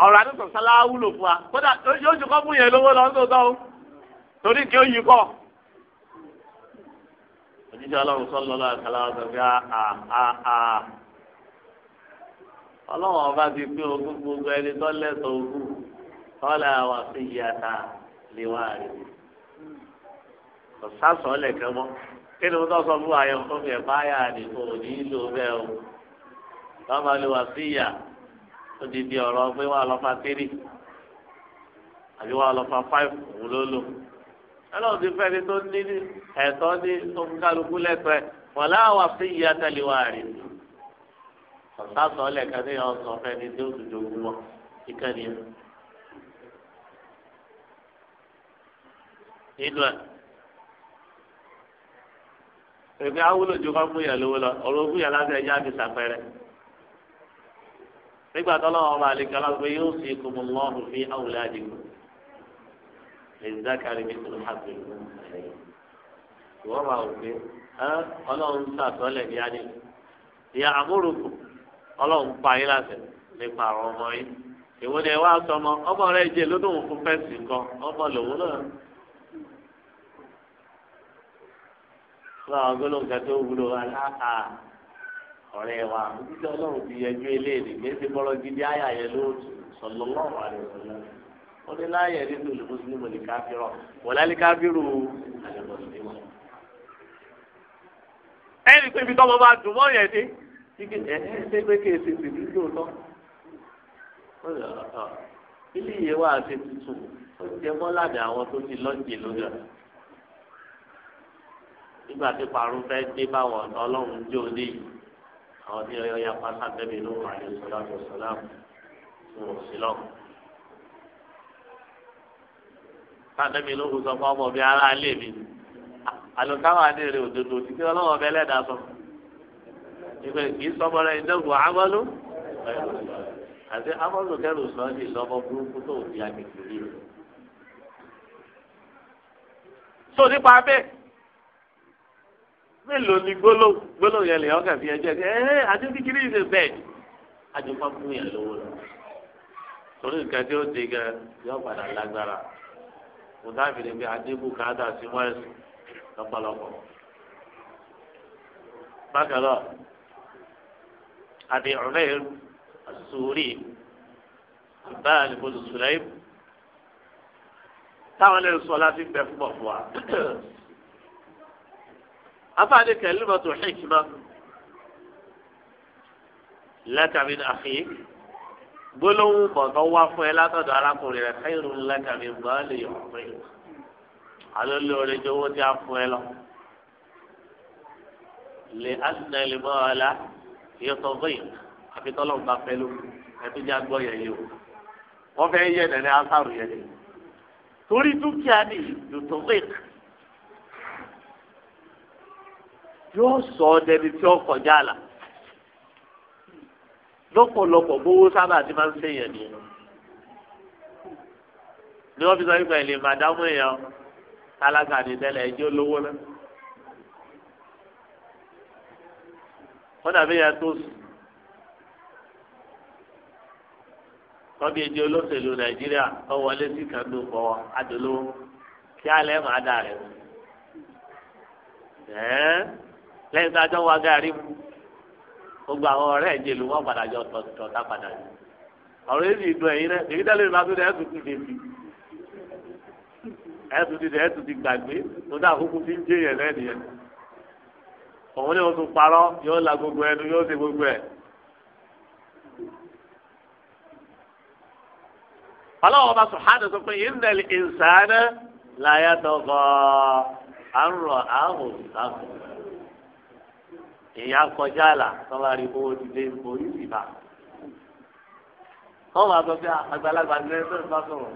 C: ọ̀rọ̀ àdúgbò sálá wúlò fún wa kódà yóò ju kọ́ fún yẹn lówó lọ sóòótọ́ o torí kí ó yí kọ́. òjíṣẹ́ ọlọ́run sọ́lọ́ lọ́wọ́ sálá wà sọ́fíà àà ọlọ́run ọba ti pín ogún gbogbo ẹni tó lẹ́sọ̀ ogún tọ́lá wà sí ìyàtà léwà rẹ̀ sọ́sọ́ lẹ̀kẹ́ mọ́ kí ni mo tọ́ sọ fún àyẹ̀wò fún mi ẹ̀ báyà ni kò ní í o lọ́mọ ó di di ọ̀rọ̀ pé wọ́n á lọ fa tírì àbí wọ́n á lọ fa fáìf òun ló lò ẹlọ́run ti fẹ́ni tó ní ẹ̀tọ́ ní oníkálukú lẹ́tọ̀ẹ́ wọ́n láwà sí ìyá tẹ̀léwá rẹ̀ ọ̀sásọ̀ lẹ́ka ní ọ̀sán fẹ́ni tí ó dùdú ogun mọ́ ìkànnì ẹ̀. nínú ẹ̀ pèpè awúlò ju ká fún yàn lówó lọ ọ̀rọ̀ fún yàn láti ẹja ti sàpẹrẹ nígbà tó lọ́wọ́ bá lè kálá pé yóò fi kùmù lọ́rùn fi àwùlá dìbò lè zákàrí mi tó hàbí ìwọ́n máa wò pé ọlọ́run sàtọ́lẹ̀ ní adé ìyá àmúrùkù ọlọ́run pa yín láṣẹ nípa àwọn ọmọ yín ìwọ ni ẹ wá sọmọ ọmọ rẹ jẹ lódò òun fún fẹsì kan ọmọ lòun náà. fún àwọn gbólóhùn tó wúlò aláha ọ̀rẹ́ wa títí ọlọ́run ti yẹjú eléyìí méjì bọ́lọ́ gidi ayà yẹn lóòtù sallallahu alaihi wasallam ó ní láàyè nínú olùmùsùlùmù ní káfírọ̀ wọ̀lálí káfírù àlùmùsùlùmù. ẹnì pé ibi tọ́mọ máa dùn mọ́ yẹn ní ṣé pé kí èsì sì nílò lọ. ilé ìyẹn wà á ṣe tuntun ó jẹ mọ́ládàá àwọn tó ti lọ́ọ̀jì lójú nígbà tí parun fẹ́ dé báwọn ọlọ́run jó ní àwọn tí ọyọ ya pátá bẹ́ẹ̀ bí lóhùn àyè sọlá tó sọlá tó wọ̀ sí lọ. pátá bí lóhùn sọ fún ọmọ mi ara alẹ́ mi àlùkáwà ní èrè òdodo tí kí ọlọ́wọ́ bẹ́ẹ̀ lẹ́dàá sọ. ìgbẹ́ kì í sọmọ rẹ ìdẹ́gùn amọ́lú àti amọ́lú kẹrù sọ ní ìlọ́mọ burúkú tó di agbègbè yìí. sọ nípa bẹ́ẹ̀ mélòó ni gbólóhùn gbólóhùn yẹn lè ọkà fi ẹjẹ ẹ ẹ àdébí kiri ìṣe bẹ́ẹ̀ àjọpá fún yẹn lówó lọ torí nǹkan tí ó di gẹ yọ padà lágbára kò dábì ní pé àdébù káàdà sí wẹ́ẹ̀sì lọ́pọ̀lọpọ̀ bákan náà àdé ọ̀rẹ́ àsúrì báyà ní bó ti sùlẹ̀ táwọn ẹlẹ́sọ̀ọ́ láti bẹ fún ọ̀fọ̀ wa afaani kalimatu hikma laka min akhik gbólóhùn bọ̀tọ̀ wá fún ẹ látọ̀dọ̀ arákùnrin rẹ khairun laka min maali ọ̀pẹ alólórí jowó tí a fún ẹ lọ lè anna lè mọ́ ọ la yọtọ̀ bẹ́ẹ̀ àfi tọ́lọ́mù bá fẹ́ lóko ẹbí ní agbọ́ yẹn yìí o wọ́n fẹ́ yẹ nẹ́nẹ́ asáru yẹn ni torí dúkìá ni yòtọ̀ bẹ́ẹ̀. yóò sọ ọ dẹni tí ó kọjá àlà lọ́pọ̀lọpọ̀ gbowó sábà ti máa ń ṣèyàn nìyẹn ni wọ́n fi sọ wípé ìlè màdámù èèyàn tálákà ní tẹ́lẹ̀ ẹjọ́ lówó náà wọ́n dàbí yẹn tó sùn tọ́bí ẹjọ́ olóṣèlú nàìjíríà tó wọlé sí kàndó fọ adolówó kí alẹ́ màá dà rẹ̀ ẹ́ẹ́. lẹ́yìn tí ajọ́ wa gàrí mu gbogbo àwọn ọ̀rẹ́ ẹ̀jẹ̀ ló wọ́n padà jọ tọ̀tà padà yìí ọ̀rọ̀ yìí ti dùn ẹ̀yin rẹ̀ èyí tẹ́lẹ̀ ìlú àtúndì ẹ̀sùn ti dèbí ẹ̀sùn ti dè ẹ̀sùn ti gbàgbé tó fi ń jẹ́ yẹn lẹ́nu yẹn òun ni wọ́n tún parọ́ yóò la gbogbo ẹnu yóò ṣe gbogbo ẹ̀. bá sọ pé èèyàn akọjá àlà tọ́ba rí owó dídé orí ìbá wọ́n máa sọ pé àgbàlagbà ní ẹgbẹ́ bá sọ̀rọ̀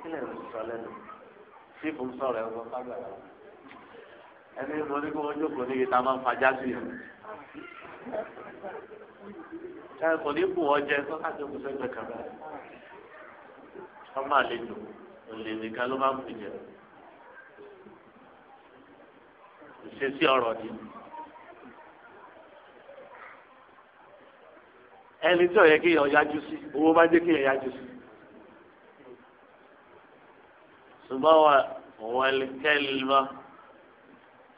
C: kílẹ̀ ló sọ lẹ́nu tí kò ń sọ̀rọ̀ ẹ̀rọ fágbà ẹni mo ní kó ojú kò ní kí ta máa ń fajá sí i
A: ẹ kò ní bù ọ
C: jẹ kó sẹ́gbẹ̀ kan wọ́n máa òlè nìkan ló máa ń bù jẹ ìṣesí ọ̀rọ̀ ni. ẹni tí ó yẹ kéèyàn yájú sí owó bá jẹ́ kéèyàn yájú sí. ṣùgbọ́n wà wọlékẹ́lìmọ́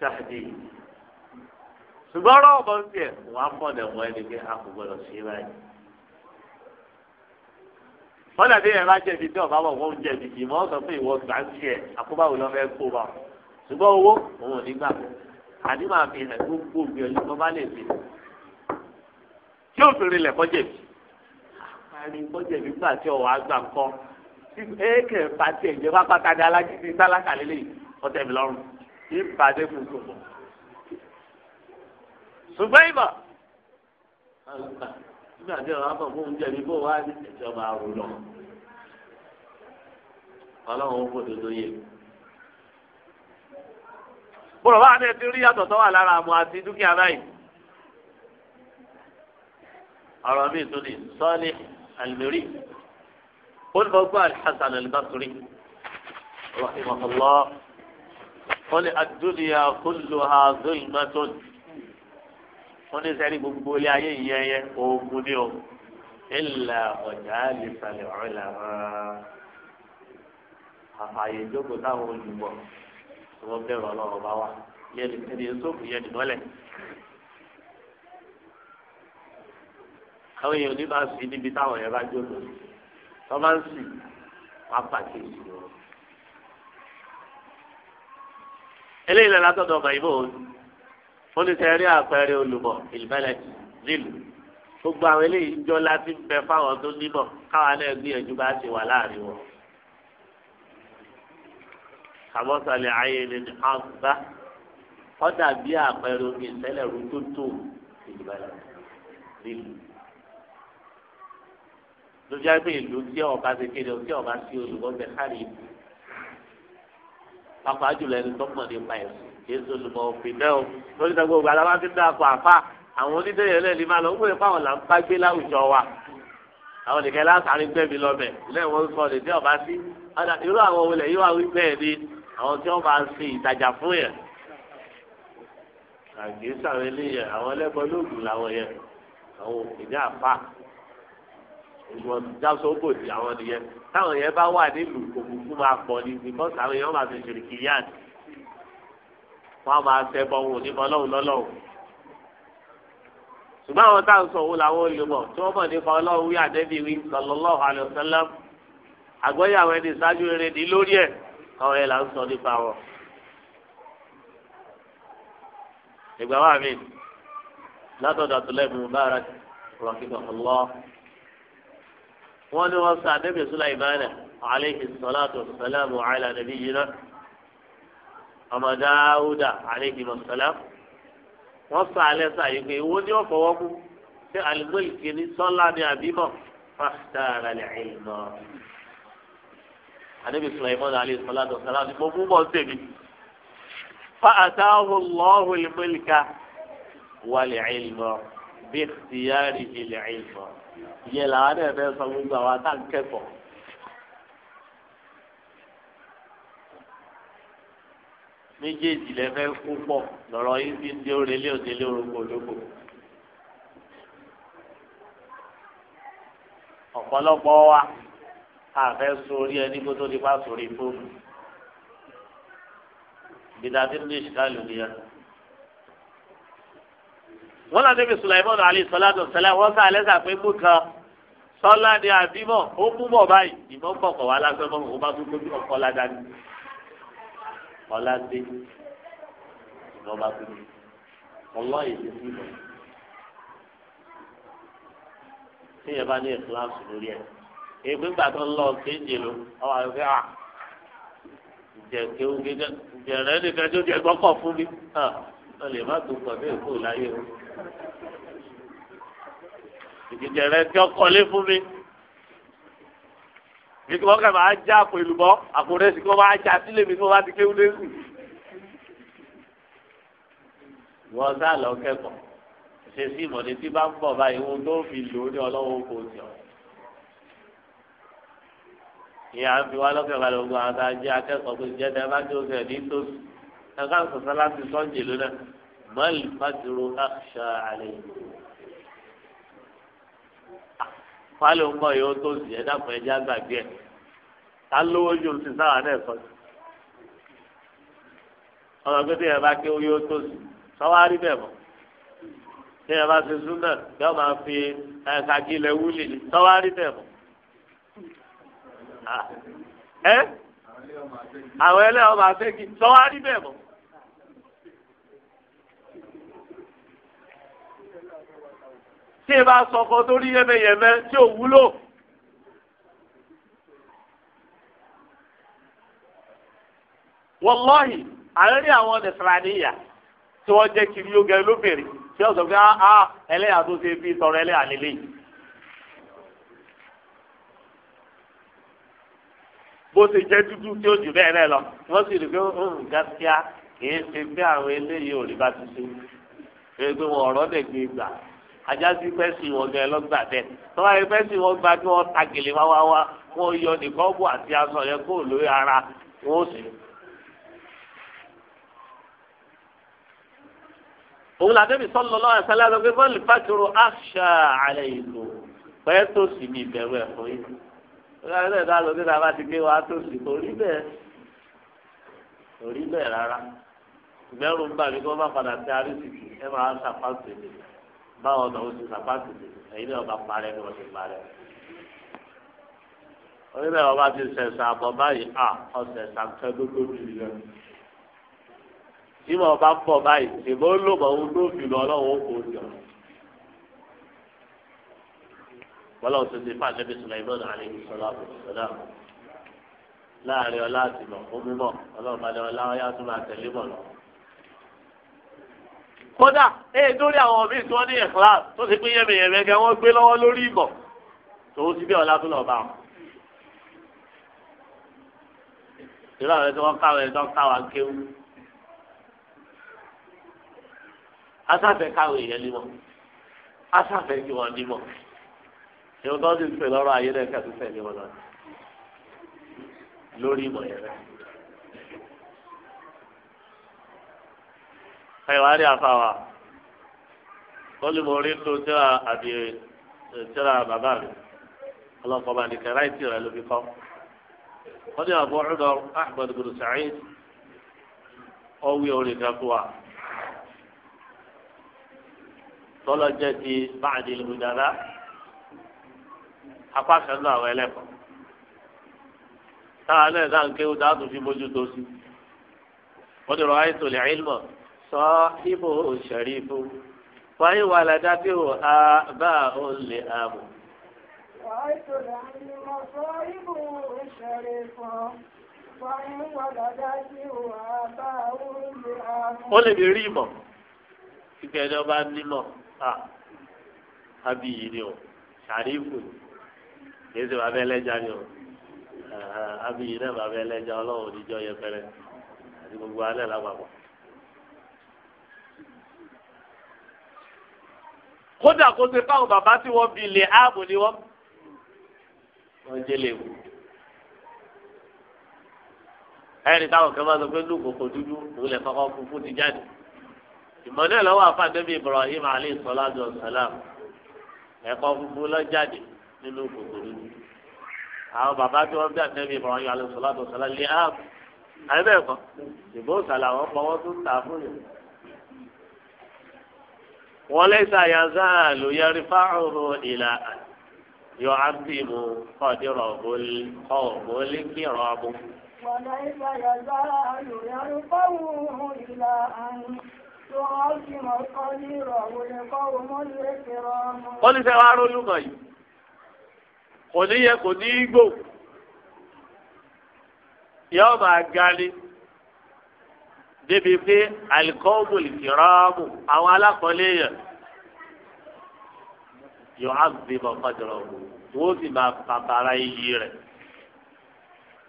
C: sáàdì ṣùgbọ́n ọ̀rọ̀ ọ̀bọ̀n tiẹ̀ wọ́n á pọ̀ dẹ̀ wọ́n ẹni pé a kò gbọdọ̀ sí báyìí. wọ́n dàbí ẹ̀ bá jẹ̀bi tí ọ̀bá bọ̀ wọ́n jẹ̀bi kì í mọ́ sọ pé ìwọ gbà ń tiẹ̀ àkóbáwò lọ́ fẹ́ kó bá ṣùgbọ́n owó òun ò ní gbà àdìmọ̀ àfihàn gbogbo ògbìyànjú tó bá lè fi tí ó fi rinlẹ̀ kọjẹ̀ bí àárí kọjẹ̀ bí gbà tí ọ̀wọ́ àgbà kọ́ ẹ̀ẹ́kẹ̀ pàtí ẹ̀jẹ̀ bá pàtà dé alágídí tálákà lélẹ̀ ọ̀tẹ̀ mi lọ́rùn kí n pàdé fún gbogbo. ṣùgbọ́n ìbọ̀ nígbà tí ọ̀rọ̀ àbọ̀ fún oúnjẹ mi bó wá ní ẹ̀jẹ̀ ọba àrùn lọ ọlọ́run ó fòdò lóye bọ̀rọ̀ bá a ní ẹ rí yàtọ̀ tó wà lára àmọ́ àti dúkìá báyìí ọ̀rọ̀ mi tún ní Salih al-Miri olùbọ̀gbọ́ al-Hasan al-Basri
A: rahimahullah
C: wọ́n ní ad-dunya kulluha zulmatun wọ́n ní sẹ́ni gbogbo ilé ayé yẹn yẹn oògùn ni o ilà ọ̀jà àlìsàlẹ̀ ọ̀rẹ́là àfààyè ìjókòó táwọn olùbọ̀ wọ́n bẹ̀rù ọlọ́run bá wà yẹn ní sẹ́ni sóògùn yẹn nìmọ́lẹ̀. àwọn èèyàn ní bá sí níbi táwọn yẹn bá jókòó tó bá ń sì wá pàkíyèsí wọn. eléyìí lẹ́la tọ́jú ọmọ ìbò wọn ní sẹ́rí àpẹẹrẹ olùmọ̀ ìlmẹ́lẹ̀ nílùú gbogbo àwọn eléyìí ń jọ láti ń bẹ fáwọn tó nímọ̀ káwọn náà gbìyànjú bá ti wà láàrin wọn. kàmọ́sálẹ̀ ayé ni àgbà ọ̀dà bíi àpẹẹrẹ omi ìtẹ́lẹ̀ rú tó tó ìlmẹ́lẹ̀ nílùú lójú àgbè ìlú tí ọba ti kéde tí ọba sí olùkọ́sẹ̀ kárí pàpà jùlọ ẹni tó nípa ẹ̀sìn jésù olùmọ̀ òfin náà lórí ìtàgbọ́ ògbà làwọn ti dá akọ àfa àwọn onídéyẹ náà máa lọ wọ́n pa àwọn là ń bá gbé láwùjọ wa àwọn nìkẹ́ látàrí gbẹ̀mí lọ́bẹ̀ lẹ́wọ̀n sọ lè dé ọba sí irú àwọn olè yìí wí bẹ́ẹ̀ ni àwọn tí wọ́n bá ìtajà fún yẹn àgbésàwọn eléyẹ àwọn ẹlẹ́gbọ́n lóògùn làwọn yẹn àwọn òkè ní àfa ìwọ̀n jásobò ti àwọn nìyẹn táwọn yẹn bá wà nílùú òkùnkùn máa pọ̀ ní because àwọn èèyàn máa fi ṣèrè kìíyàn wọ́n máa tẹ bọ ohun ọlọ́run lọ́lọ́run ṣùgbọ́n àwọn táwọn sọ òun làwọn olùmọ̀ tí wọ́n mọ̀ nípa ọlọ́run wí àdẹ́bí wí sallallahu alaihi àgbọ́yé àwọn ẹni ìṣáájú rere ní lórí ẹ̀ àwọn ẹ̀ là ń sọ nípa wọn. ìgbà wà mí látọ̀dọ̀ àtúlẹ̀ mú bára rọ̀kìtọ̀ ọlọ́ọ̀ wọ́n ní wọ́n sọ àdébì sulaimana aleyhi salatu salamu ala nabiyina ọmọ dáúdà aleyhi salam wọ́n sọ alẹ́ sọ àyè pé ìwọ ni wọ́n fọwọ́ mú ṣé alimọ́lìkì ni sọ́lá ni àbímọ̀ fàtàrà lè ìmọ̀. àdébì sulaimana aleyhi salatu salamu ni mo mú bọ́ sèmi. فأتاه الله الملك والعلم باختياره العلم ìyẹn làwọn náà fẹ́ sọ gbogbo àwọn atáǹkẹ́kọ̀ọ́. méjèèjì lẹ fẹ́ kó pọ̀ lọ́rọ̀ yìí fi ń dé orelé òdélé orúkọ olóko. ọ̀pọ̀lọpọ̀ wa a fẹ́ sórí ẹni kó tó di pa sórí fóònù. bìdàdí ní ìṣìkà lòdìyàn wọn lànà bí Sulaiman alayhi salatu salam wọn sá alẹ́sà pé mú kan sọlá ni àbímọ ó mú mọ báyìí ìmọ̀ kọ̀kọ̀ wà lásán mọ́ òun bá tún tóbi ọkọ̀ ládàáni ọ̀làdé ìmọ̀ bá tún ọlọ́ èdè nílò tíyẹn bá ní ìkíláàsì lórí ẹ̀ ègbé tó ń lọ kéńjì ló ọwọ́ àwọn fẹ́ à jẹ kéwú gẹ́gẹ́ nìkan tó jẹ gbọ́kọ̀ fún mi hàn lọ lè má tó pọ̀ bẹ́ẹ̀ kó láyé o. ìdíje rẹ tí ó kọ́lé fún mi bí kí wọ́n kà máa já àpò ìlúbọ́ àpò rẹ̀ sì kí wọ́n máa já sílé mi kí wọ́n bá ti kéwú lẹ́sìn. wọ́n sá lọ kẹ́kọ̀ọ́ ṣe sí ìmọ̀lẹ́ tí bá ń bọ̀ báyìí ohun tó fi lò ó ní ọlọ́wọ́ kò sí ọ̀. ìyá ń fi wá lọ́kẹ́ balẹ̀ ogun àwọn tá akẹ́kọ̀ọ́ pé jẹ́ tẹ́ bá tó fẹ̀ ní tòsí ẹ̀ka sọ̀sálà ti sọ́njì lónà mọ́lì fàtìrò àṣà àlẹ́ yìí. fálẹ̀ ń bọ̀ yóò tó sì ẹ̀dá fún ẹja gbàgbé ẹ̀ ká lówó ju ti sáwà náà sọ sí. ọmọ pété yẹn bá ké ó yóò tó sì sọ́wárí bẹ̀ mọ́. tí yẹn bá ti sún náà yóò máa fi ẹ̀ka gílẹ̀ wúlì ní sọ́wárí bẹ̀ mọ́. Ah, ẹ àwọn ẹlẹ́wọ̀n máa fẹ́ kí sọ́wárí bẹ̀ mọ́. tí ẹ bá sọ ọkọ tó rí yẹmẹyẹmẹ tí ò wúlò. wọlọ́hì àárín àwọn nìsàlàníyà tí wọ́n jẹ́ kiri yóò gẹ lóbìnrin tí wọ́n sọ pé áá ah, ah, ẹlẹ́yà tó ṣe fi tọrọ ẹlẹ́yà lélẹ̀ yìí. bó ṣe jẹ́ dúdú tí ó jù bẹ́ẹ̀ náà lọ wọ́n sì rí pé hmm, gáṣíà kì í ṣe pé àwọn eléyìí ò rí bá ti ṣe é pé wọn ọ̀rọ̀ dẹ̀ gbé gbà ajásí fẹ́sì wọn gan lọ́gbà bẹ́ẹ̀ tọ́wá yẹn fẹ́sì wọn gba kí wọ́n ta gèlè wá yọ nìkan bò àti aṣọ yẹn kó lórí ara wọ́n sì. òun làdébì sọ́lọ́ lọ́wọ́ ẹ̀sẹ̀ lẹ́nu pé bọ́ọ̀lù fàtúrò àṣà àlẹ́ ìlú pẹ́ tó sì ní ìbẹ̀rù ẹ̀ yìí. ìgbà yẹn lẹ́ẹ̀dá lọ sí ìdáwà ti gbé wa tó sì kò rí bẹ́ẹ̀ kò rárá ìbẹ̀rù ń bà mí kó má padà sí arísìkì ẹ máa ń sàpá sí mi báwo lọ oṣù sàpàtìsì èyí ni ọba parẹ́ ni wọ́n ti parẹ́ onílẹ̀ ọba ti sẹ̀sà àbọ̀ báyìí à ọ̀sẹ̀sà kẹ́ gbogbo jùlọ lẹ́nu tí mo bá pọ̀ báyìí ṣèbó ló mọ̀ ohun tó fi lọ kò jọ. wọ́n lọ́wọ́ tó ti fàṣẹ bí Sulaiman alẹ́ ìṣọ̀lá àbùsọ̀lá láàrin ọlá àtìmọ̀ fún mímọ̀ ọlọ́run balẹ̀ ọlá ọyá tó kódà ẹ eh, lórí àwọn míì tí wọ́n ní ìkíláà tó ti pín yẹmẹyẹmẹ gẹ wọ́n gbé lọ́wọ́ lórí ìmọ̀ tòun ti bí ọ̀la tó lọ bá wọn. ìlú àwọn ẹni tí wọ́n káwọn ẹni tó ń káwọn akéwù asáfẹ káwọn èèyàn ní mọ asáfẹ kí wọn ní mọ ìwọ tó ti pè lọ́rọ̀ ayé lẹkẹ tó tẹ̀lé wọn lọ lórí ìmọ̀ yẹn rẹ. ẹ̀wárí àfàwà ó lè mọ orí tó tíra àbí tíra bàbá mi ọlọ́kọ̀ọ́ba ní kẹrẹ́ ìtì rẹ̀ ló fi kọ́. wọ́n ní àbọ̀ ọ̀dọ̀ ahmed bin sa'id orin kan fún wa ti báàdì lùdàdà apá kan náà àwọn Taa táwa náà dáhùn kéwù dáhùn fi mójútó sí wọ́n ní rọ̀ àìsàn lè ẹ́ ìlmọ̀. sọ ibo ṣẹ̀rífù fọyín wà ládá tí ò á bá ò lè àbò. ó lè lè rí ìmọ̀ kíkẹ́ ẹni ọba nímọ̀ abiyi ni o ṣàrífù kìí ṣe bàbá ẹlẹ́jà ni o abiyi náà bàbá ẹlẹ́jà ọlọ́run oníjọ́ yẹpẹrẹ àti gbogbo alẹ́ lápapọ̀. kódà kó ṣe fáwọn bàbá tí wọ́n bi lè áàbò ni wọ́n wọ́n jẹ́ lè wò. ẹ̀rí táwọn kan máa sọ pé inú kòkò dúdú òun lè kọ́kọ́ kú fún ti jáde. ìmọ̀ náà lọ́wọ́ àfàdébí Ibrahim alayhi salatu wa salam ẹ̀kọ́ funfun lọ jáde nínú kòkò dúdú. àwọn bàbá tí wọ́n bí àtẹ́bí Ibrahim alayhi salatu wa salam lè áàbò. àyẹ̀bẹ̀ kọ́ ìbò sàlà pọ̀ wọ́n tún tà fún yìí wọn lẹsẹ àyànzá ló yẹri fáwọn ìlà yọ ábìmù kọdírọ bólí kọ bólí kírọ bó.
D: wọn lẹsẹ àyànzá ló yẹri fáwọn ìlà àyìn wọ́n ní sẹ́wọ́n arólùmọ̀
C: yìí kò ní yẹ kò ní í gbò yọ́ọ̀ máa ga ni débi pé alikọ́ọ̀mù ìkìrọ́ọ̀mù àwọn alákọ̀ọ́lé yẹn yóò á gbé bàbá jọrọ wọ́n sì máa bàbára iyì rẹ̀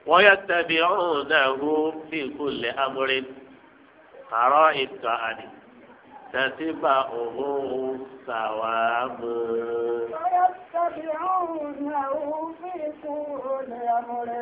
C: wọ́n yẹ tẹ̀bi ọ̀hún náà hú sí ìkúlẹ̀ amúre àárọ̀ ìtọ́ àdì tẹ̀síbà òhún sàwámù.
D: wọ́n yẹ tẹ̀bi ọ̀hún náà hú sí ìkúlẹ̀ amúre.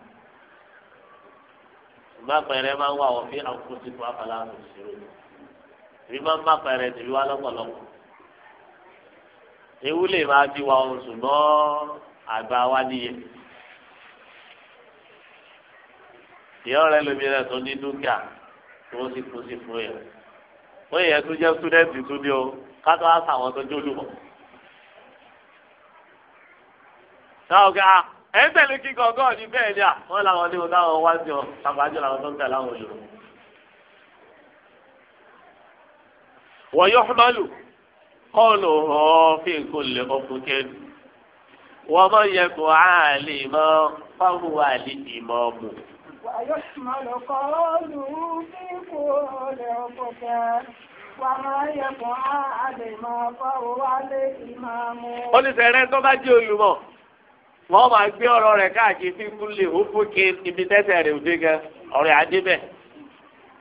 C: ṣùgbọ́n pẹ̀rẹ́ máa ń wà wọ́n fi àkókò tí kò àfàlà àmì ìṣirò rí máa ń bá pẹ̀rẹ́ tìlú wa lọ́pọ̀lọpọ̀ ewu lè máa fi wà wọn ṣùgbọ́n àgbà wa níye ìyá rẹ lómi rẹ tó ní dúkìá tó ń sì kún sí fún yẹn wọ́n yẹ tó jẹ́ sítúdẹ́ǹtì tó ní o kátó á tó jólùmọ̀. sáà ó kẹ́ à ẹ̀ ń tẹ̀lé kíkọ ọgọ́ ní bẹ́ẹ̀ ni à wọ́n làwọn ní ọ̀dà àwọn wá sí ọ tàbájọ làwọn tó ń tẹ̀lé àwọn olùrù. wọ́n yọ ọ́mọ́lù kọ́ọ̀lù ọ̀ọ́fin kò lè ọkùn kẹ́nu wọ́n mọ̀ yẹ kó àlè mọ́ fáwọn àlè ìmọ̀ ọ̀mù.
D: ويحمل قوله في كل عفكان ó ní sẹ̀rẹ̀ tó bá jẹ́
C: olùmọ̀ wọ́n máa gbé ọ̀rọ̀ rẹ̀ káàkiri fi kúlẹ̀ ó fòkè ibi tẹ́tẹ̀ rẹ̀ òde gan ọ̀rẹ́ adé bẹ̀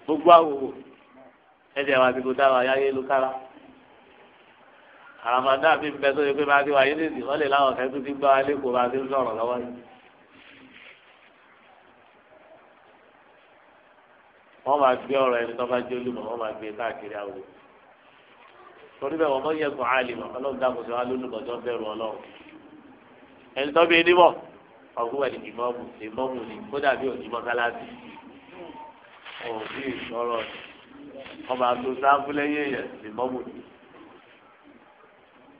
C: gbogbo àwòwò ẹ̀jẹ̀ wà bí kò dáwà yáyé lókàrà àràmàdà bí nbẹ tó yẹ pé máa ti wáyé lèzì wọ́n lè láwọn kẹ́tù ti gbá wa lẹ́kọ̀ọ́ máa ti ń sọ̀rọ̀ lọ́wọ́ yìí. wọ́n máa gbé ọ̀rọ̀ ẹni tó bá jẹ́ olúmọ̀ wọ́n máa gbé káàkiri àwòrán torí bẹ́ẹ̀ wọ́n mọ̀ yẹ kó àlè mọ̀ ọlọ́run dákòtò wa lólùmọ̀ tó ẹni tó bí ẹni mọ̀ ọ̀gbọ́n ẹni kì í mọ́mù ṣe mọ́mù ni kódà bí òní mọ́sálásí òbí ìṣọ̀rọ̀ ọba tó sáfù lẹ́yìn èèyàn ṣe mọ́mù ni.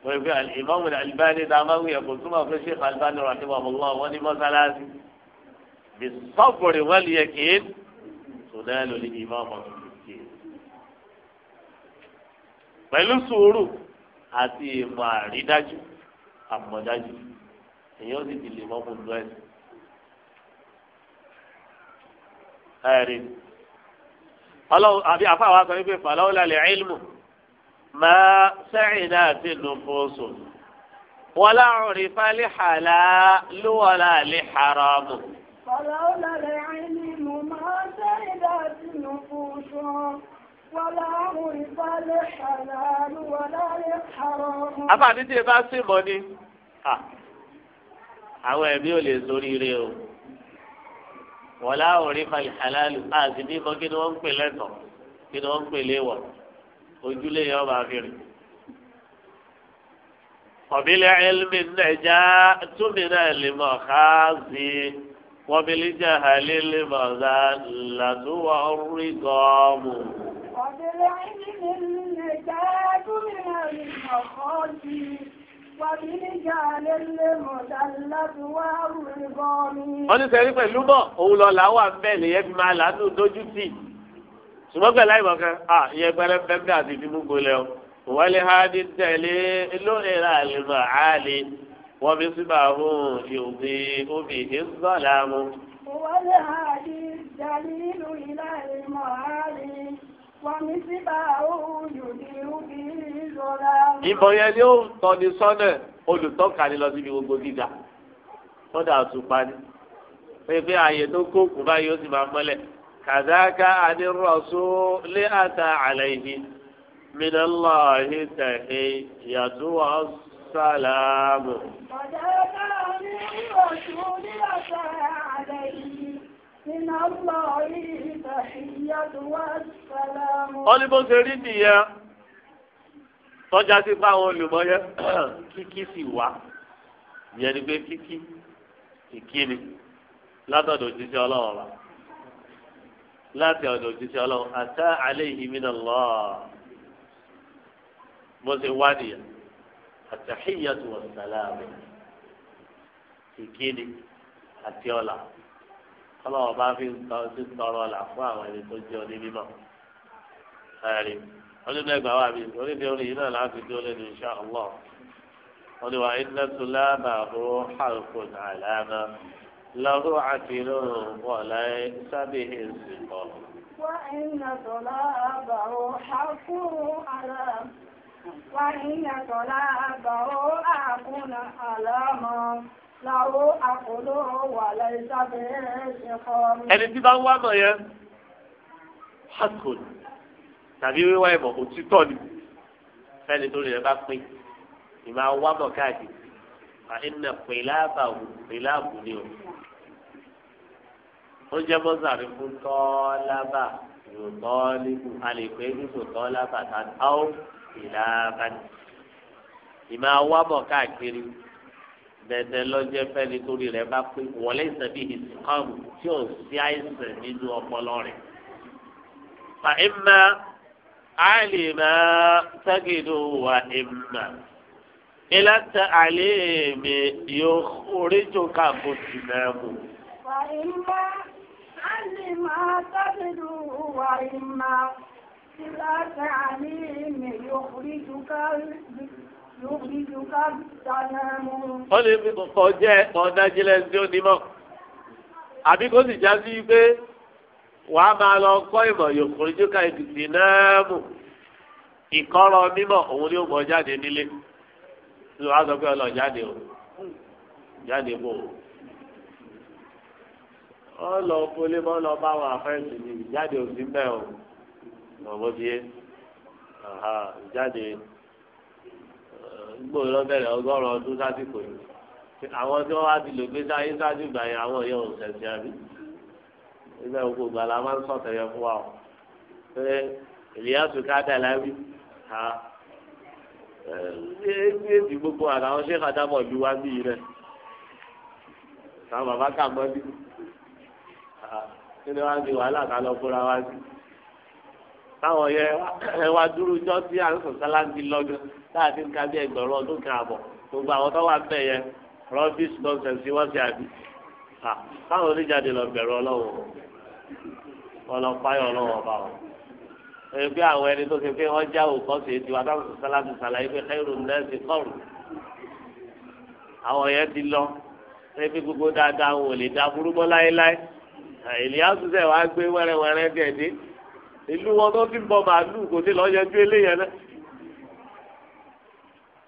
C: wọ́n fi ìmọ̀mù Albani tá a máa ń wuyẹ̀ kó túmọ̀ fún Sheikh Albani rahimahullah wọ́n ní mọ́sálásí bí sọ́kùnrin wọ́n lè yẹ kí n sùnà lórí ìmọ̀mù pẹ̀lú sùúrù àti ìmọ̀ àrídájú àmọ̀dájú èyí ó sì ti lè mọ́kù lọ ẹ̀. ẹ̀rí ọlọ́run àbí àfáwà sọ wípé fàlọ́wọ́ lálẹ́ ilmu máa sẹ́yìn náà ti lò fóso wọ́n láwọn rí falẹ́ hàlá ló wọ́n lálẹ́ fàlọ́wọ́
D: lálẹ́ ilmu máa sẹ́yìn náà ti lò fóso. Afáàdí tí ẹ
C: bá sí mọ́ ni àwọn ẹbí ò lè sórí rẹ o wọlá òrí falẹ halalu àti bíbọ kí ni wọn ń pè lẹtọ kí ni wọn ń pè léwọ ojúlé yẹn ọba àfihàn ọbílẹ̀ ẹlmi nàìjà túmínà lèmọ̀ káàzì wọ́bílẹ̀ jahali lèmọ̀ làdúwà orí gọ́ọ̀mù.
D: ọbílẹ̀ ẹlmi nàìjà túmínà lèmọ̀ káàzì wọ́n ní sẹ́rí
C: pẹ̀lú bọ̀ òun lọ là wà bẹ́ẹ̀ nìyẹn fi máa làánú dojú tì ṣùgbọ́n pẹ̀lú àìmọ̀ kan à ìyẹn pẹ̀lẹ́ pẹ́ẹ́pẹ́ àti ìdí mú gbolẹ̀ o wọ́n lè ha ní tẹ̀lé lórí ra àlùmọ̀ àlè wọ́n fi sí máa ìhùnmí omi ìhìnsọ́lá mu.
D: wọ́n lè ha ní tẹ̀lé lórí àlùmọ̀ àlè. Ìbọn yẹn
C: ni ó tọ́ni sọ́nà olùtọ́ka ni lọ síbi gbogbo gíga. Sọ́dà àtùpà ni. Pépé ààyè tó kókù báyìí ó sì máa mọ́lẹ̀. Kàdáká àdírọ̀só lé àtà àlàyé. Minallahi tẹ̀hé yàtúwà sálàmù.
D: Kàdáká àdírọ̀só lé àtà àlàyé. من الله تحية والسلام قال بو سيرين
C: ديا tọ́jà sí fáwọn olùmọ̀yẹ kíkí sì wá ìyẹn ni pé kíkí ìkíni látọ̀dọ̀ òjíṣẹ́ ọlọ́run wa láti ọ̀dọ̀ òjíṣẹ́ ọlọ́run àtà alayhi minallah bó ṣe wá nìyẹn àtàhíyàtù wassalamu ìkíni àti ọ̀la ọlọ́wọ́ bá fi ti tọrọ là fún àwọn ẹni tó jẹ́ oní mímọ́ ẹ̀rí ọdún ẹgbàá wà mí onídìí orin yìí náà láti dúró lẹ́nu iṣẹ́ ọlọ́ wọ́n ní wà iná tó lábà bó hàlùkù àlànà lọ́rù àti lóhùn bọ̀ láyé sábẹ́ èsì bọ̀.
D: وإن طلابه حق على وإن طلابه أكون علامة ẹni
C: tí bá ń wá mọ̀ yẹn haskell tàbí wíwá ìmọ̀ òtítọ́ ni fẹ́ni tó lè bá pín ìmọ̀ wá mọ̀ káàkiri à ń nà pèlábà wò pèlábù ni o ó jẹ́ mọ́sàrí fún tọ́lábà yóò tọ́lébù a lè pè é nígbò tọ́lábà tàbí áwò pèlábà ni ìmọ̀ wá mọ̀ káàkiri dẹdẹ lọjẹ fẹni torí rẹ bá pé wọlé ìsẹbí ìsìkọọmù tí ò sí àìsàn nínú ọpọlọ rẹ. fa ìmà àlìmà tẹ́gìdù wà ìmà ilá tẹ àlìmì yóò oríjò káàbò sí náà mú.
D: fa ìmà àlìmà tẹ́gìdù wà ìmà ilá tẹ àlìmì yóò oríjò káàbò sí náà mú ó
C: lè fi kọ̀kọ́ jẹ́ ọ̀dájílẹ̀ tí ó nímọ̀ àbí kó sì já sí pé wàá máa lọ kọ́ ìmọ̀ yòókùnrin jókà ètùtù náà mú ìkọ́rọ̀ mímọ̀ òun ni ó mọ̀ jáde nílé ló wá sọ pé ọlọ jáde o jáde bò ó ọlọ polé mọ́ lọ bá wọn àfẹ́sì ni jáde ò sí mbẹ́ o lọ́wọ́ bíyé jáde gbòòrò lọ́bẹ̀rẹ̀ ọgọ́rùn-ún ọdún sásìkò yìí àwọn tí wọ́n wá ti lò gbé sáyé sáájú ìgbà yẹn àwọn yẹn ò sẹ̀sẹ̀ àbí nígbà gbogbo ìgbà la máa ń sọ̀tẹ̀ yẹn fún wa o pé ìlíyàsù káàdà láwí ha ẹ ẹ ti gbogbo àtàwọn ṣé kàdámọ̀ bí wá bí rẹ̀ táwọn bàbá kà mọ́ bí kí ni wọ́n di wàhálà ká lọ fúnra wá sí táwọn yẹn wá dúró jọ́ sí àrùn sọ̀tálá ń lọ́gán láàfin ká bí ẹgbẹ̀rún ọdún kan àbọ̀ gbogbo àwọn tó wà ń bẹ̀ yẹn rọ́bìsì nọ́ọ̀sẹ̀sì wọ́n ti àbí káwọn oníjáde lọ bẹ̀rù ọlọ́wọ́ ọlọ́pàá ọlọ́wọ́ ọba o ebi àwọn ẹni tó ṣe pé wọ́n já òkọ́ sí ti wá táwọn sọ̀sálà ti sàlàyé pé káyọ̀rọ̀ ń lẹ́sìn kọ́ọ̀rù àwọn yẹn ti lọ ebi gbogbo dáadáa wọn lè dá burúkọ láéláé ìlíyàsù sẹ̀ wá gbé wẹ́rẹ́wẹ́rẹ́ díẹ̀ ìlú wọn tó ti bọ màálù kò sí lọ́ọ́ yẹn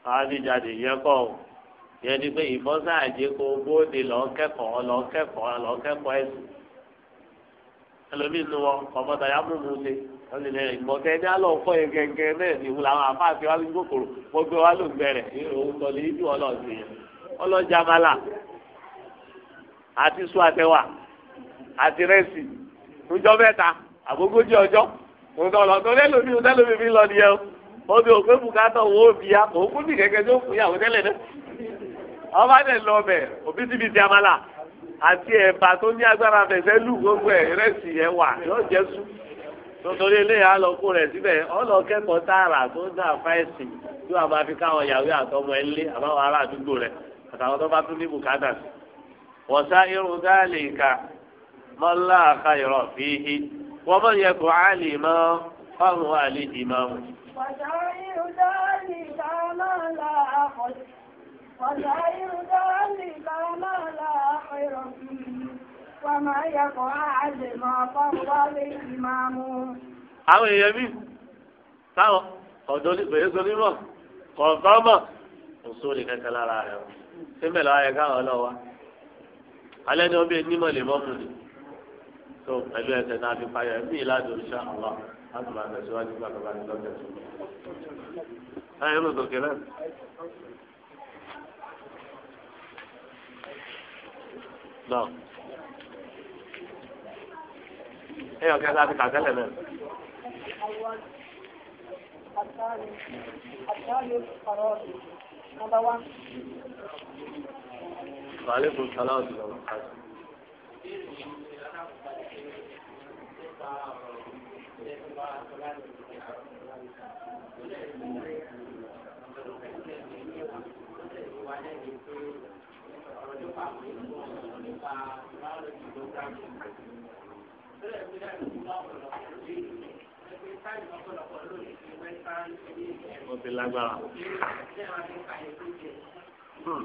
C: káàdìjáde yẹ kọ ọ yẹ ni pé ìfọ́sà àjẹkọ bóde lọ kẹ́kọ̀ọ́ lọ kẹ́kọ̀ọ́ lọ kẹ́kọ̀ọ́ nu wọn ọmọdé ya mú wọn lè lè gbọtẹ ẹni alọ yẹn gẹ́gẹ́ ni wọn làwọn afáàfin wa lójú kòkòrò wọn gbé òun yẹn àti sùn àtẹwà àti mẹ́ta àgógójì ọjọ́ òun omi òfé bùkátà owó òbí ya kò kú ní kẹ̀kẹ́ tó fún yàwó tẹ́lẹ̀ náà ọba dẹ̀ lọ òbí ti amala àti tó ní gbogbo wà sú eléyà lọ kó rẹ̀ síbẹ̀ tààrà tó fáìsì tí a máa fi káwọn yàwé àtọmọ àbáwọn ará àdúgbò àtàwọn tó bá tún ní bùkátà sí wọ̀sá irun gáàlì mọ́lá àkàyọ̀rọ̀ fi hí wọ́n mọ̀ yẹ kó fáwọn wà lè di máa mú. àwọn èèyàn mi táwọn ọ̀dọ́ nípele sọ́ni mọ̀ kọ̀ọ̀kan mọ̀ kò sóòlì kankan lára rẹ̀ o síbẹ̀ lọ́wọ́ yẹ káwọn ọlọ́wà alẹ́ ni wọ́n bí ẹni mọ̀ lè mọ́ fún mi tó pẹ̀lú ẹsẹ̀ náà fi payọ̀ ẹ̀mí ìlàjò ṣá láti máa tẹ̀síwájú gbàgbọ́ bá ní lọ́jọ́ tó. báyìí ló sọ̀kè náà.
A: lọ.
D: ẹ yọ kẹta ti kàtẹ́lẹ̀ náà.
B: وعليكم السلام ورحمة الله mo ti lágbára. Hmm.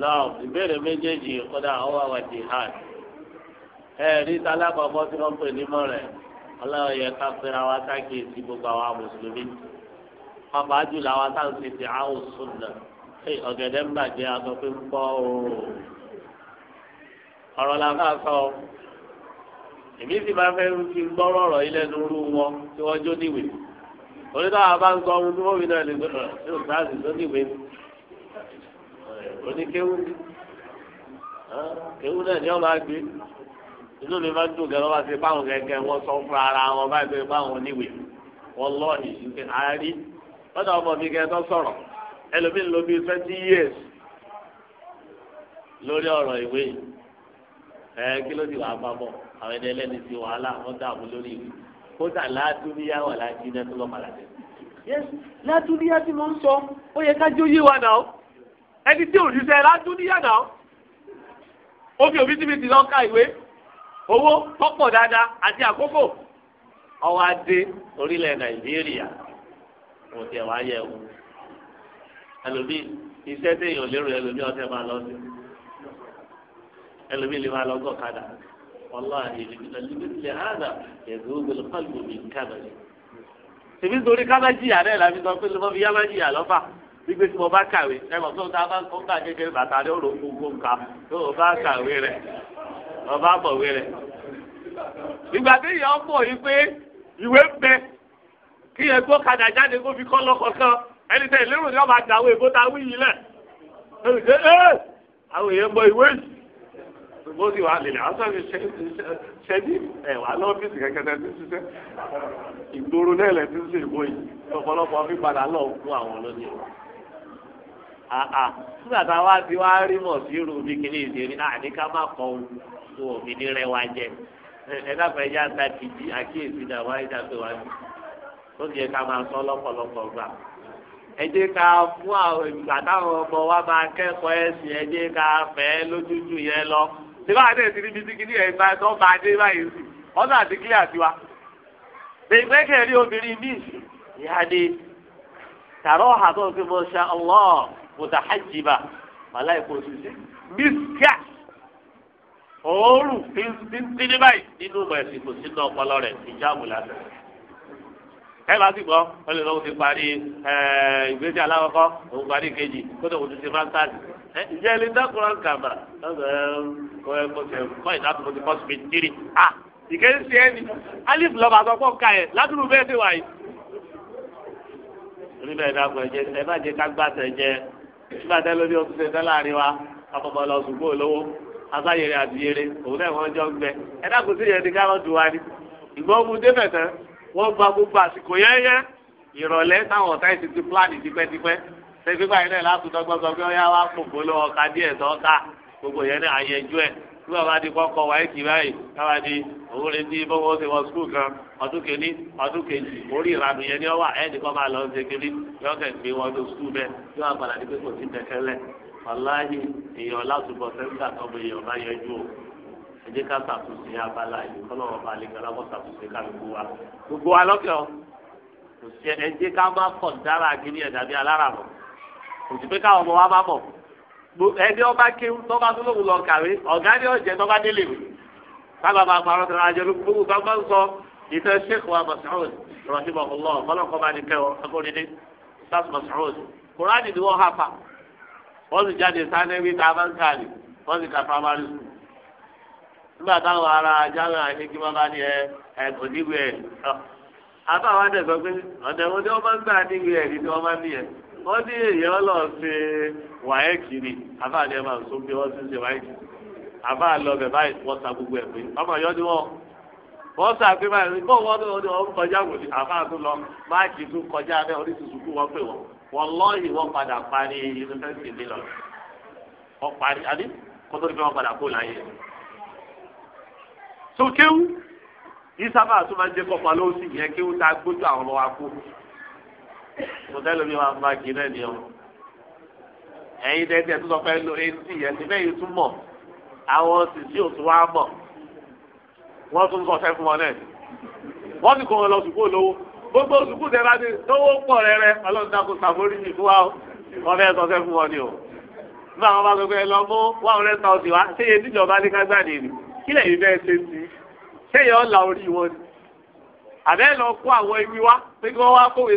C: náà ìbéèrè méjèèjì kọ́dà ọwọ́ àwọn jihad ẹ̀ẹ́dí tálákọ̀ọ́kọ́ tí wọ́n pè nímọ̀ rẹ̀ ọlọ́run yẹ ká pera wa sákèésí gbogbo àwa mùsùlùmí ọba àjùlọ àwa tá à ń ṣe ti àwọn sùnà ṣé ọ̀gẹ̀dẹ̀ ń bàjẹ́ aṣọ pé ń pọ̀ ooo ọ̀rọ̀ la ká sọ èmi máa fẹ́ fi gbọ́rọ̀ ọ̀rọ̀ ilẹ̀ nuru wọn tí wọ́n jó níwèé orí táwa ń gbọ́ ohun tí wọ́n fi náà lè gbọ́ ṣé o sáà sì sókè wé ni oníkéwú kéwú náà ni wọ́n máa gbé inú mi máa ń dùn gẹ́gẹ́ wọ́n ti báwọn gẹ́gẹ́ wọ́n sọ fún ara wọn báyìí pé báwọn níwèé wọ́n lọ́ọ̀nì ìṣúkẹ́ àárí lọ́dọ̀ ọmọ mi gẹ́gẹ́ tó sọ̀rọ̀ ẹlòmíì ń lo twenty years lórí ọ̀rọ̀ ìwé ẹ kí ló ti wà á bá bọ̀ àwọn ẹni ẹlẹ́ni ti wàhálà wọ́n dààmú lórí ìwé kódà ládùúníyá wà ládùúníyá tó lọ́ọ́ padà dé. ládùúníyá tí mo ń sọ ó yẹ kájọ yé wa náà ẹni tí ò ṣiṣẹ́ ládùúníyá náà ó fi òbí síbi ti lọ ka ìwé owó tọ́pọ̀ dáadáa àti àkókò ọwọ́ adé orílẹ̀ nàìjíríà mo tiẹ̀ wá yẹ̀ wò ẹlòmíì iṣẹ́ téèyàn lérò ẹlòmíì ọ̀sẹ̀ máa lọ sí ẹlòmíì lè máa lọ gọ̀kadà. والله lèmítìlẹ̀ hàdà ẹ̀dùn ògbèlè pàlùmọ̀ mi kábàlì. tèmi torí kábàjìyà rẹ̀ làbí sọ pé lọ́mọ fi yábàjìyà lọ́fà gbígbé tí mo bá kàwé ẹ̀gbọ́n tó ta bá ń kọ́ ká kékeré bàtà rẹ̀ ó lò gbogbo nǹkan tó o bá kàwé rẹ̀ o bá kọ̀wé rẹ̀. ìgbà tí ìyá ọkọ yìí pé ìwé ń bẹ kí ẹgbẹ́ kadà jáde kó fi kọ́ lọ́kọ̀ kan ẹni tẹ̀ lérò ní ọba àtàwọn èkó ta wí yìí lẹ̀. àwọn èèyàn mọ ìwé yìí bó ti lè lásán ní ṣẹ́bí ẹ̀wà lọ́fíìsì kẹ̀kẹ́ ti ṣiṣẹ́ ìgboro náà lẹ ti ṣe ìbò yìí ọ̀pọ̀lọpọ̀ fi padà fún àwọn lónìí. àà nígbà tá a wá ti wá rí mọ̀ sí irú bí kíní ìṣeré àní ká má kọ ohun tó òfin ní rẹ wá jẹ ẹ dábàá ẹjẹ àti àkìjì àkíyèsí náà wáyé dàgbé wá ní ó ti yẹ ká máa sọ lọ́pọ̀lọpọ̀ gbà ẹ jẹ́ ká fún àwọn ìgbà táwọn ọmọ wa máa kẹ́kọ̀ọ́ ẹ̀sìn ẹ jẹ́ ká fẹ́ lójújú yẹn lọ. tí àti ẹ̀sìn níbi tí kìíní ẹ̀gbá tó máa dé báyìí sí ọ̀nà àti kílẹ̀ àti wa. bẹ̀gbẹ́ kẹrí obìnrin míì ìyá tààrọ̀ ọ̀hà fi mọ ṣá ọlọ́ọ̀ bùtà hajjibà màláìkò ṣiṣẹ́. mísíà òórùn tí ní báyìí nínú ẹ̀sìn kò sínú ọpọlọ rẹ̀ lásán. ẹ bá gbọ́ ọ lè lọ́wọ́ ti parí ìgbésí aláwọ̀kọ́ òun Eh, ǹjẹ́ ilé dákúrọ̀ nkàmà kọ́ ẹ kọ́ ẹ kọ́ ẹ dákúrọ̀ ti kọ́sùmí tírì à ìké ń ṣe ẹni alif lọ́ba sọ fún ọ̀ka yẹn ládùúgbò bẹ́ẹ̀ ti wà yìí. orí bẹ́ẹ̀ dákúrọ̀ ẹ jẹ ẹ má jẹ ká gbàtẹ jẹ nígbà tẹ lórí oṣù tẹ láàrin wa àpapọ̀ lọ sùn kúrò lówó asáyẹrẹ àdìyẹrẹ òun náà wọ́n jọ ń gbẹ ẹ dákun sí yẹn ni ká wọ́n wá ní. ìgbọ́n mu dé bẹ̀tẹ̀ wọ́n gba gbogbo àsìkò yẹ́yẹ́ ìrọ̀lẹ́ táwọn ọ̀tá yìí ti ti pílánì tipẹ́tipẹ́ ṣé pípa yìí náà látúntọ́ gbọ́ngàn bí ọyá wa kò gbóló ọ̀ka díẹ̀ tọ́ka gbogbo yẹn náà àyẹ̀jú ẹ̀ tí wọ́n bá di kọ́kọ́ wáyé kì báyìí káwá di òun lè di bọ́wọ́ ṣe wọ sukùl kan ọdún kìíní ọdún kejì orí ìranù yẹn ni ọ wà ẹnì kan máa lọ ṣe kiri yọ kẹ́ gbé wọn lọ sukùl bẹ́ẹ̀ tí wọ́n padà di pé kò sí tẹ̀kẹ́lẹ̀ wàláhì èèyàn látúbọ̀ sẹ́ńtà tọ́mọ èèyàn bá yẹjú o ẹ jẹ́ ká ṣàtúnṣe abala yìí kọ́nà wọn bá lè gbọ́dọ̀ kó ṣàtúnṣe kálukú wa gbogbo wa lọ́kẹ́ ọ kò sí ẹ ká má kọ̀ dára kiri ẹ̀ dàbí aláràmọ̀ òtù pé káwọn ọmọ wa má mọ̀ ẹni ọba kéwú tọ́ba tó lóun lọ kàwé ọ̀gá ni ọ̀jẹ̀ tọ́ba délé mi sábà máa parọ́ tẹ̀lé àjọ ló gbogbo bá ń sọ ìtàn sheikh wa masoud rahimahullah ọ̀pọ̀lọpọ̀ bá ní kẹwọ́ akóredé sas masoud kùránì ni wọ́n hà pa wọ́n sì jáde sanẹ́wí tá a máa ń kàlì wọ́n sì kà primary school nígbà táwọn ará jáwé àṣekí bá bá ní ẹ ẹ kò níwèé ẹ àbáwá dẹ̀ sọ pé ọ̀dẹ̀ wọn tí wọ́n máa ń gbà níwèé ẹ̀ ní wọ́n máa ń níyẹn wọ́n ní èèyàn lọ ṣe wáyẹ́kì ni àbá ni ẹ máa sọ pé wọ́n ti ṣe wáyẹ́kì àbá lọ bẹ̀ báyìí wọ́n sa gbogbo ẹ̀ pé ọmọ yọ ni wọ́n wọ́n sà pé báyìí bó wọ́n ní wọ́n kọjá wòlí àbá tó lọ máàkì tó kọjá abẹ́ oríṣiríṣi kú wọ́n pè wọ́n wọ́n lọ́ọ̀yì wọ́n padà parí yunifásitì mi lọ wọ́n parí àbí kótó ni wọ́n padà kó láyé. sókéwù yìí sábà tó máa ń jẹ́ kọ́kọ́ mọ̀tẹ́lẹ̀ mi máa ń bá kí náà ni ọ. ẹ̀yin dẹ́tẹ̀ tó sọ fẹ́ lo etí ẹ̀sìn lẹ́yìn tún mọ̀ àwọn sì sí òtún wá mọ̀ wọ́n tún sọ fẹ́ fún wọn náà. wọ́n ti kọ́ wọn lọ sùkúù lówó gbogbo sùkúù tẹ bá ti lówó pọ̀ rẹ́rẹ́ ọlọ́run dákun sàmórí mi fún wa ó wọ́n fẹ́ sọ fẹ́ fún wọn ni o. nígbà wọn bá sọ pé lọ mú one hundred thousand wá ṣé iye tíjọba ní kágbáde ni kílẹ̀ yìí bẹ́ẹ̀ ṣe ti ṣé yẹn ọ̀ la orí wọn ni. àbẹ́ lọ kó àwọn ewì wá pé kí wọ́n wá kówé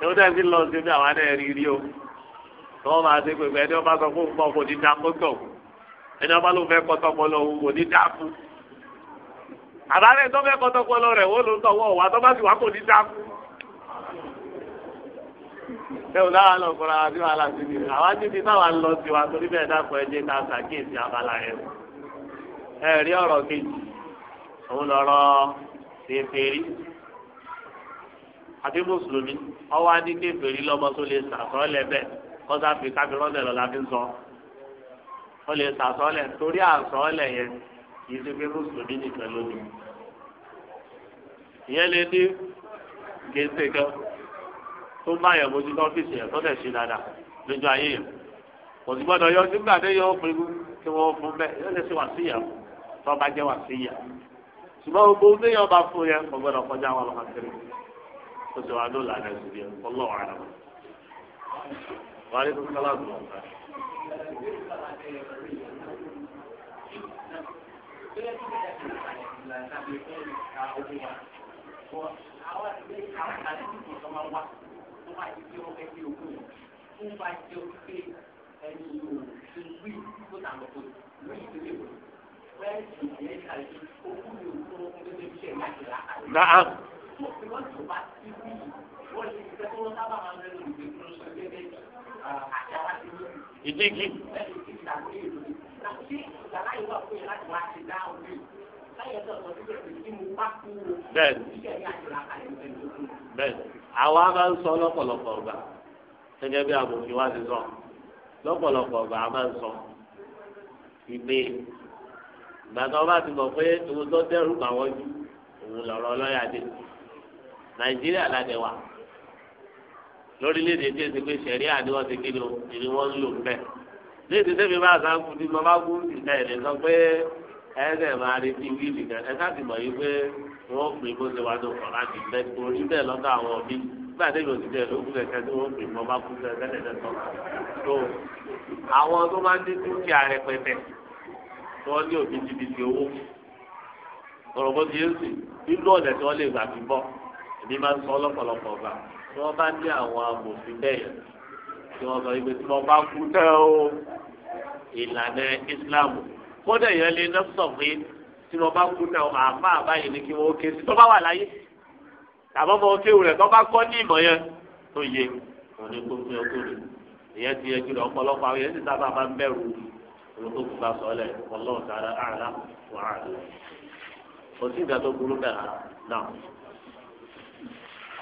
C: ìwọ́n tẹ̀sí lọ sí bí àwọn adé rí rí o tí wọ́n máa ṣe pẹ̀pẹ́ ẹni wọ́n bá sọ fún pọ̀ kò ní dá kó gbọ̀ ẹni wọ́n bá ló fẹ́ kọ́ tọpọlọ òun kò ní dá kú àbálẹ̀ tó fẹ́ kọ́ tọpọlọ rẹ̀ wọ́n ló ń tọwọ́ wà tó bá sì wá kò ní dá kú. ṣé o dáhà lọ fúnra wa sí wa láti ní àwa níbi táwa lọ sí wa torí bẹ́ẹ̀ dákọ̀ ẹ jẹ́ ká ṣàkíyèsí abala yẹn ẹ rí ọ̀rọ̀ kejì òun lọ̀rọ̀ ṣèfèrí àti mùsùlùmí ọwọ́ adígbé bèrè lọ́mọ tó lè sàtọ́lẹ̀ bẹ́ẹ̀ kọ́sá fi kábírọ́lẹ̀ lọ la fi ń sọ ó lè sàtọ́lẹ̀ torí àsọ́lẹ̀ yẹn kì í ṣe pé mùsùlùmí nìkan lónìí ìyẹn lè ní gèsè kan tó bá yẹn mojú lọ́fíìsì yẹn tó tẹ̀ ṣe dáadáa lójú ayé yẹn kò sí gbọ́dọ̀ yọ nígbà tó yọ òpin kí wọ́n fún bẹ́ẹ̀ yóò lè ṣe wà síyà tó bá jẹ́ wà síyà ṣùgbọ́n gbogbo kó sì wá lóla rẹ̀ síbi ọlọ́wọ́ rẹ̀ wọ́n. wọ́n á rí kókó láti
B: wọ̀ tó fi wọ́n tó bá ti wí wọ́n lè fẹ́ tó sábà máa ń lẹ́nu ìgbé tó sọ gẹ́gẹ́ àjára ti wí. ìdígi. lẹ́yìn tí ìdàgbé ìlú àti ìgbàlá ìwà fún yẹn láti wá ti dá òwe láyé tó sọ síbẹ̀ tí mo bá kú o. bẹ́ẹ̀ni
C: àwa máa ń sọ lọ́pọ̀lọpọ̀ ọgbà gẹ́gẹ́ bí àbòfin wa ti sọ lọ́pọ̀lọpọ̀ ọgbà a máa ń sọ ìgbé ìgbà tó bá ti mọ̀ pé òun tó dẹ́rù bá òun lọ̀rọ̀ lọ́yà dé nàìjíríà ládẹ wa lórílẹ̀-èdè tí èsì pé sẹ̀ríà ni wọ́n ti kí ni o ìní wọ́n ń lò ń bẹ̀. léèdè tẹ́mi bá sá kú ni mo bá kú ìta ẹ̀rẹ́ sọ pé ẹ̀ẹ́dẹ̀ máa retí wíìlì kan ẹ ká sì mọ̀ yìí pé wọ́n pè bó ṣe wà ní ọ̀rọ̀ láti bẹ́ torí bẹ́ẹ̀ lọ́dọ̀ àwọn òbí nígbà tẹ́mi ò ti tẹ̀ ló kú kẹ̀kẹ́ tí wọ́n pè mo bá kú kẹ̀kẹ́ tẹ̀ tó àwọn tó èmi máa ń sọ ọlọ́pọ̀lọpọ̀ ọba tí wọ́n bá dé àwọn amòfin bẹ́ẹ̀ tí wọ́n sọ ibi tí wọ́n bá kú tẹ́ o ìlànà Islam kódà èèyàn lè ná sọ pé tí wọ́n bá kú tẹ́ o àmọ́ àbáyé ni kí wọ́n ké sí tó bá wà láyé tàbọ̀ mọ kéwù rẹ̀ tó bá kọ́ ní ìmọ̀ yẹn tó yẹ wọn ni kó fún ẹ kó lù èèyàn ti yẹ kí lọ ọ̀pọ̀lọpọ̀ àwọn èèyàn ti sábà máa ń bẹ̀rù olùkókò bá sọ lẹ̀ ọlọ́ọ̀tara àrà wàhálà kò ìgbà tó burú bẹ́ẹ̀ náà.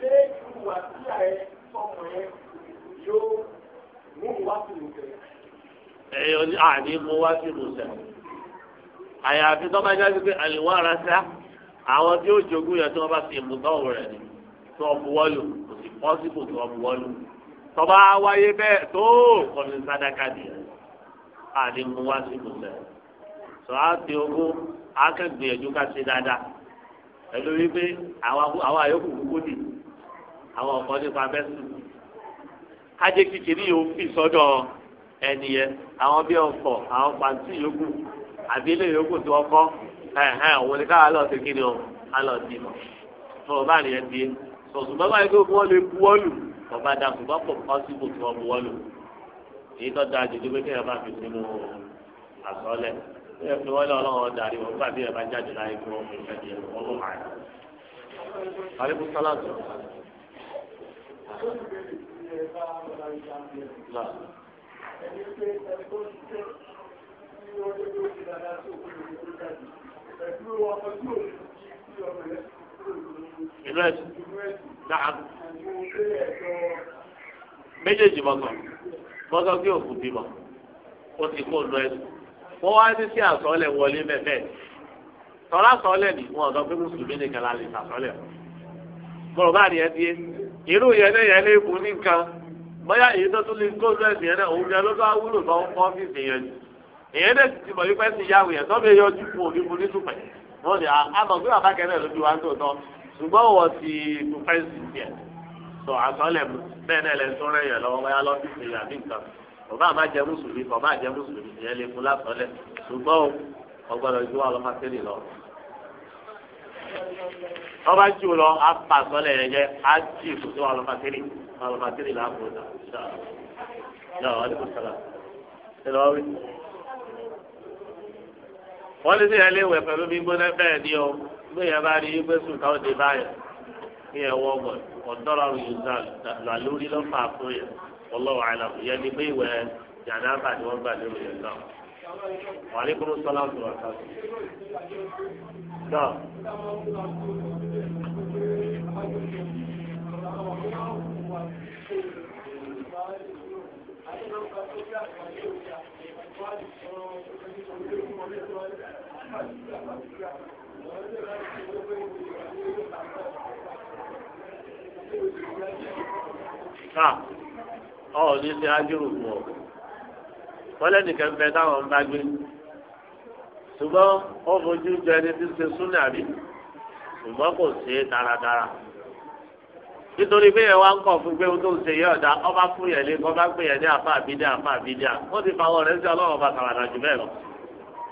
B: ṣé ìwà tí àyẹ sọmọ yẹn yóò mú wá sí ìmùsẹ̀.
C: ẹ̀yọ́ ní àní mú wá sí ìmùsẹ̀. àyàfi tó bá jáde pé àlìwọ́ ara sá àwọn tí ó jogún yẹn tí wọ́n bá ti ìmùtọ́wò rẹ̀ ni tó ọ buwọ́lù kò sì pọ́sibù tó ọ buwọ́lù tọ́ba wáyé bẹ́ẹ̀ tó kọ́ni sádàkà nìyẹn àní mú wá sí ìmùsẹ̀ sọ a ti ogún á kẹ́gbìyànjú ká ṣe dáadáa pẹ̀lú wípé àwọn àyọkù kúkú dì í àwọn ọ̀kan nípa bẹ́sùn kájé kékeré yóò fi sọ́dọ̀ ẹni yẹn àwọn bí ọkọ̀ àwọn pàǹtí yòókù àbí ilé yòókù tó ọkọ́ ẹ̀hẹ́n òun ni káwa lọ́ọ̀ kékeré ni o á lọ di mọ̀ sọ̀rọ̀ bá nìyẹn di sọ̀tún bá báyìí pé wọ́n lè bu ọ́lù ọba dà ṣùgbọ́n kò pọ́sibù tí wọ́n bu ọ́lù èyí tó da àjèjì pé kéèyàn bá fi sínú àsọ́lẹ̀ ẹ fi wọ́n lé ọlọ́run darí wọn gbà bí ẹ bá jáde láyé kí wọ́n fi ìfẹ́ di ẹ̀ wọ́n lọ́ Ìlú ẹ̀sìn náà méjèèjì mọ̀gàn mọ̀gàn kí òkú bímọ ó ti kó lọ ẹ̀sìn. Wọ́n wá ní sí àsọ̀ọ́lẹ̀ wọlé mẹ́fẹ́. Tọ́lá sọ̀ọ́lẹ̀ ni wọn ọ̀dọ́ pé Mùsùlùmí nìkan la lè sàsọ̀ọ́lẹ̀. Bọ̀rọ̀ bá rí ẹ bí irú yẹlé yẹlé kù nìkan bóyá èyí tó tún lè kó sẹ́ẹ̀sì yẹn náà òun yẹn ló bá tó ń kọ́ ọ́fíìsì yẹn jù èyàn dẹ̀ ti mọ̀ wípé ti yàwó yẹn tọ́bẹ̀ yọ ojú fún òní fún tùpẹ̀ wọ́n ní àmọ̀ pé bàbá kẹ́lẹ́ lójú wa ń tò ṣùgbọ́n wọ́n ti tùpẹ̀ sí tiẹ̀ sọ àtọ́lẹ̀ bẹ́ẹ̀ náà lẹ́nu tó rẹ̀ yẹn lọ́wọ́ báyá lọ́fíìsì yẹn nǹkan bàbá àmà jẹ mùsùlùmí bàbá àjẹ mùsùlùmí yẹn lè fún látọ́lẹ̀ ṣùgbọ́n ọgbọ́dọ̀ ju àlọ́ ọba jù lọ apa àgbọ̀lẹ̀ yẹn jẹ́ ájì ìfúnṣọ́ alùpàtìrì alùpàtìrì làbò náà náà wọ́n ti kò sọ̀rọ̀ ṣe lọ́wọ́ wí. wọ́n ní sèyàn lè wẹ̀ pẹ̀lú gbígbóná bẹ́ẹ̀ ni o bí yẹn bá rí pé sùn táwọn dé báyẹn bí yẹn wọ́ ọgbọ̀n ọ̀dọ́rọ̀ yìí là lórí lọ́fà fún yẹn ọlọ́wọ́ àìlàfù yẹn ni pé ìwẹ̀ yàrá bá ni wọ́n gbà lérò yẹn náà
B: wàlékún sọlá tó wà káàtó.
C: náà. ká ọ ní ṣe ájúrò fún ọ. wọ́n lẹ́nìkan bẹ táwọn bá gbé ṣùgbọ́n ó fojú jọ ẹni tí ń ṣe súnà àbí ṣùgbọ́n kò ṣe é dáradára nítorí pé yẹn ń kọ̀ fún pé tó ń ṣe ọ̀dà ọba fún yẹn lé kọ́ bá pè ní àfa àfa à ti fa àwọn ọ̀rẹ́ sí jù bẹ́ẹ̀ lọ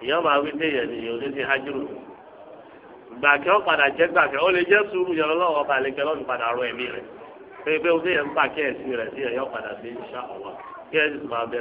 C: ìyẹn máa wí ní ti padà jẹ́ ó lè jẹ́ sùúrù yẹn lọ́wọ́ ọba lọ́dún padà rọ ẹ̀mí rẹ̀ pé pé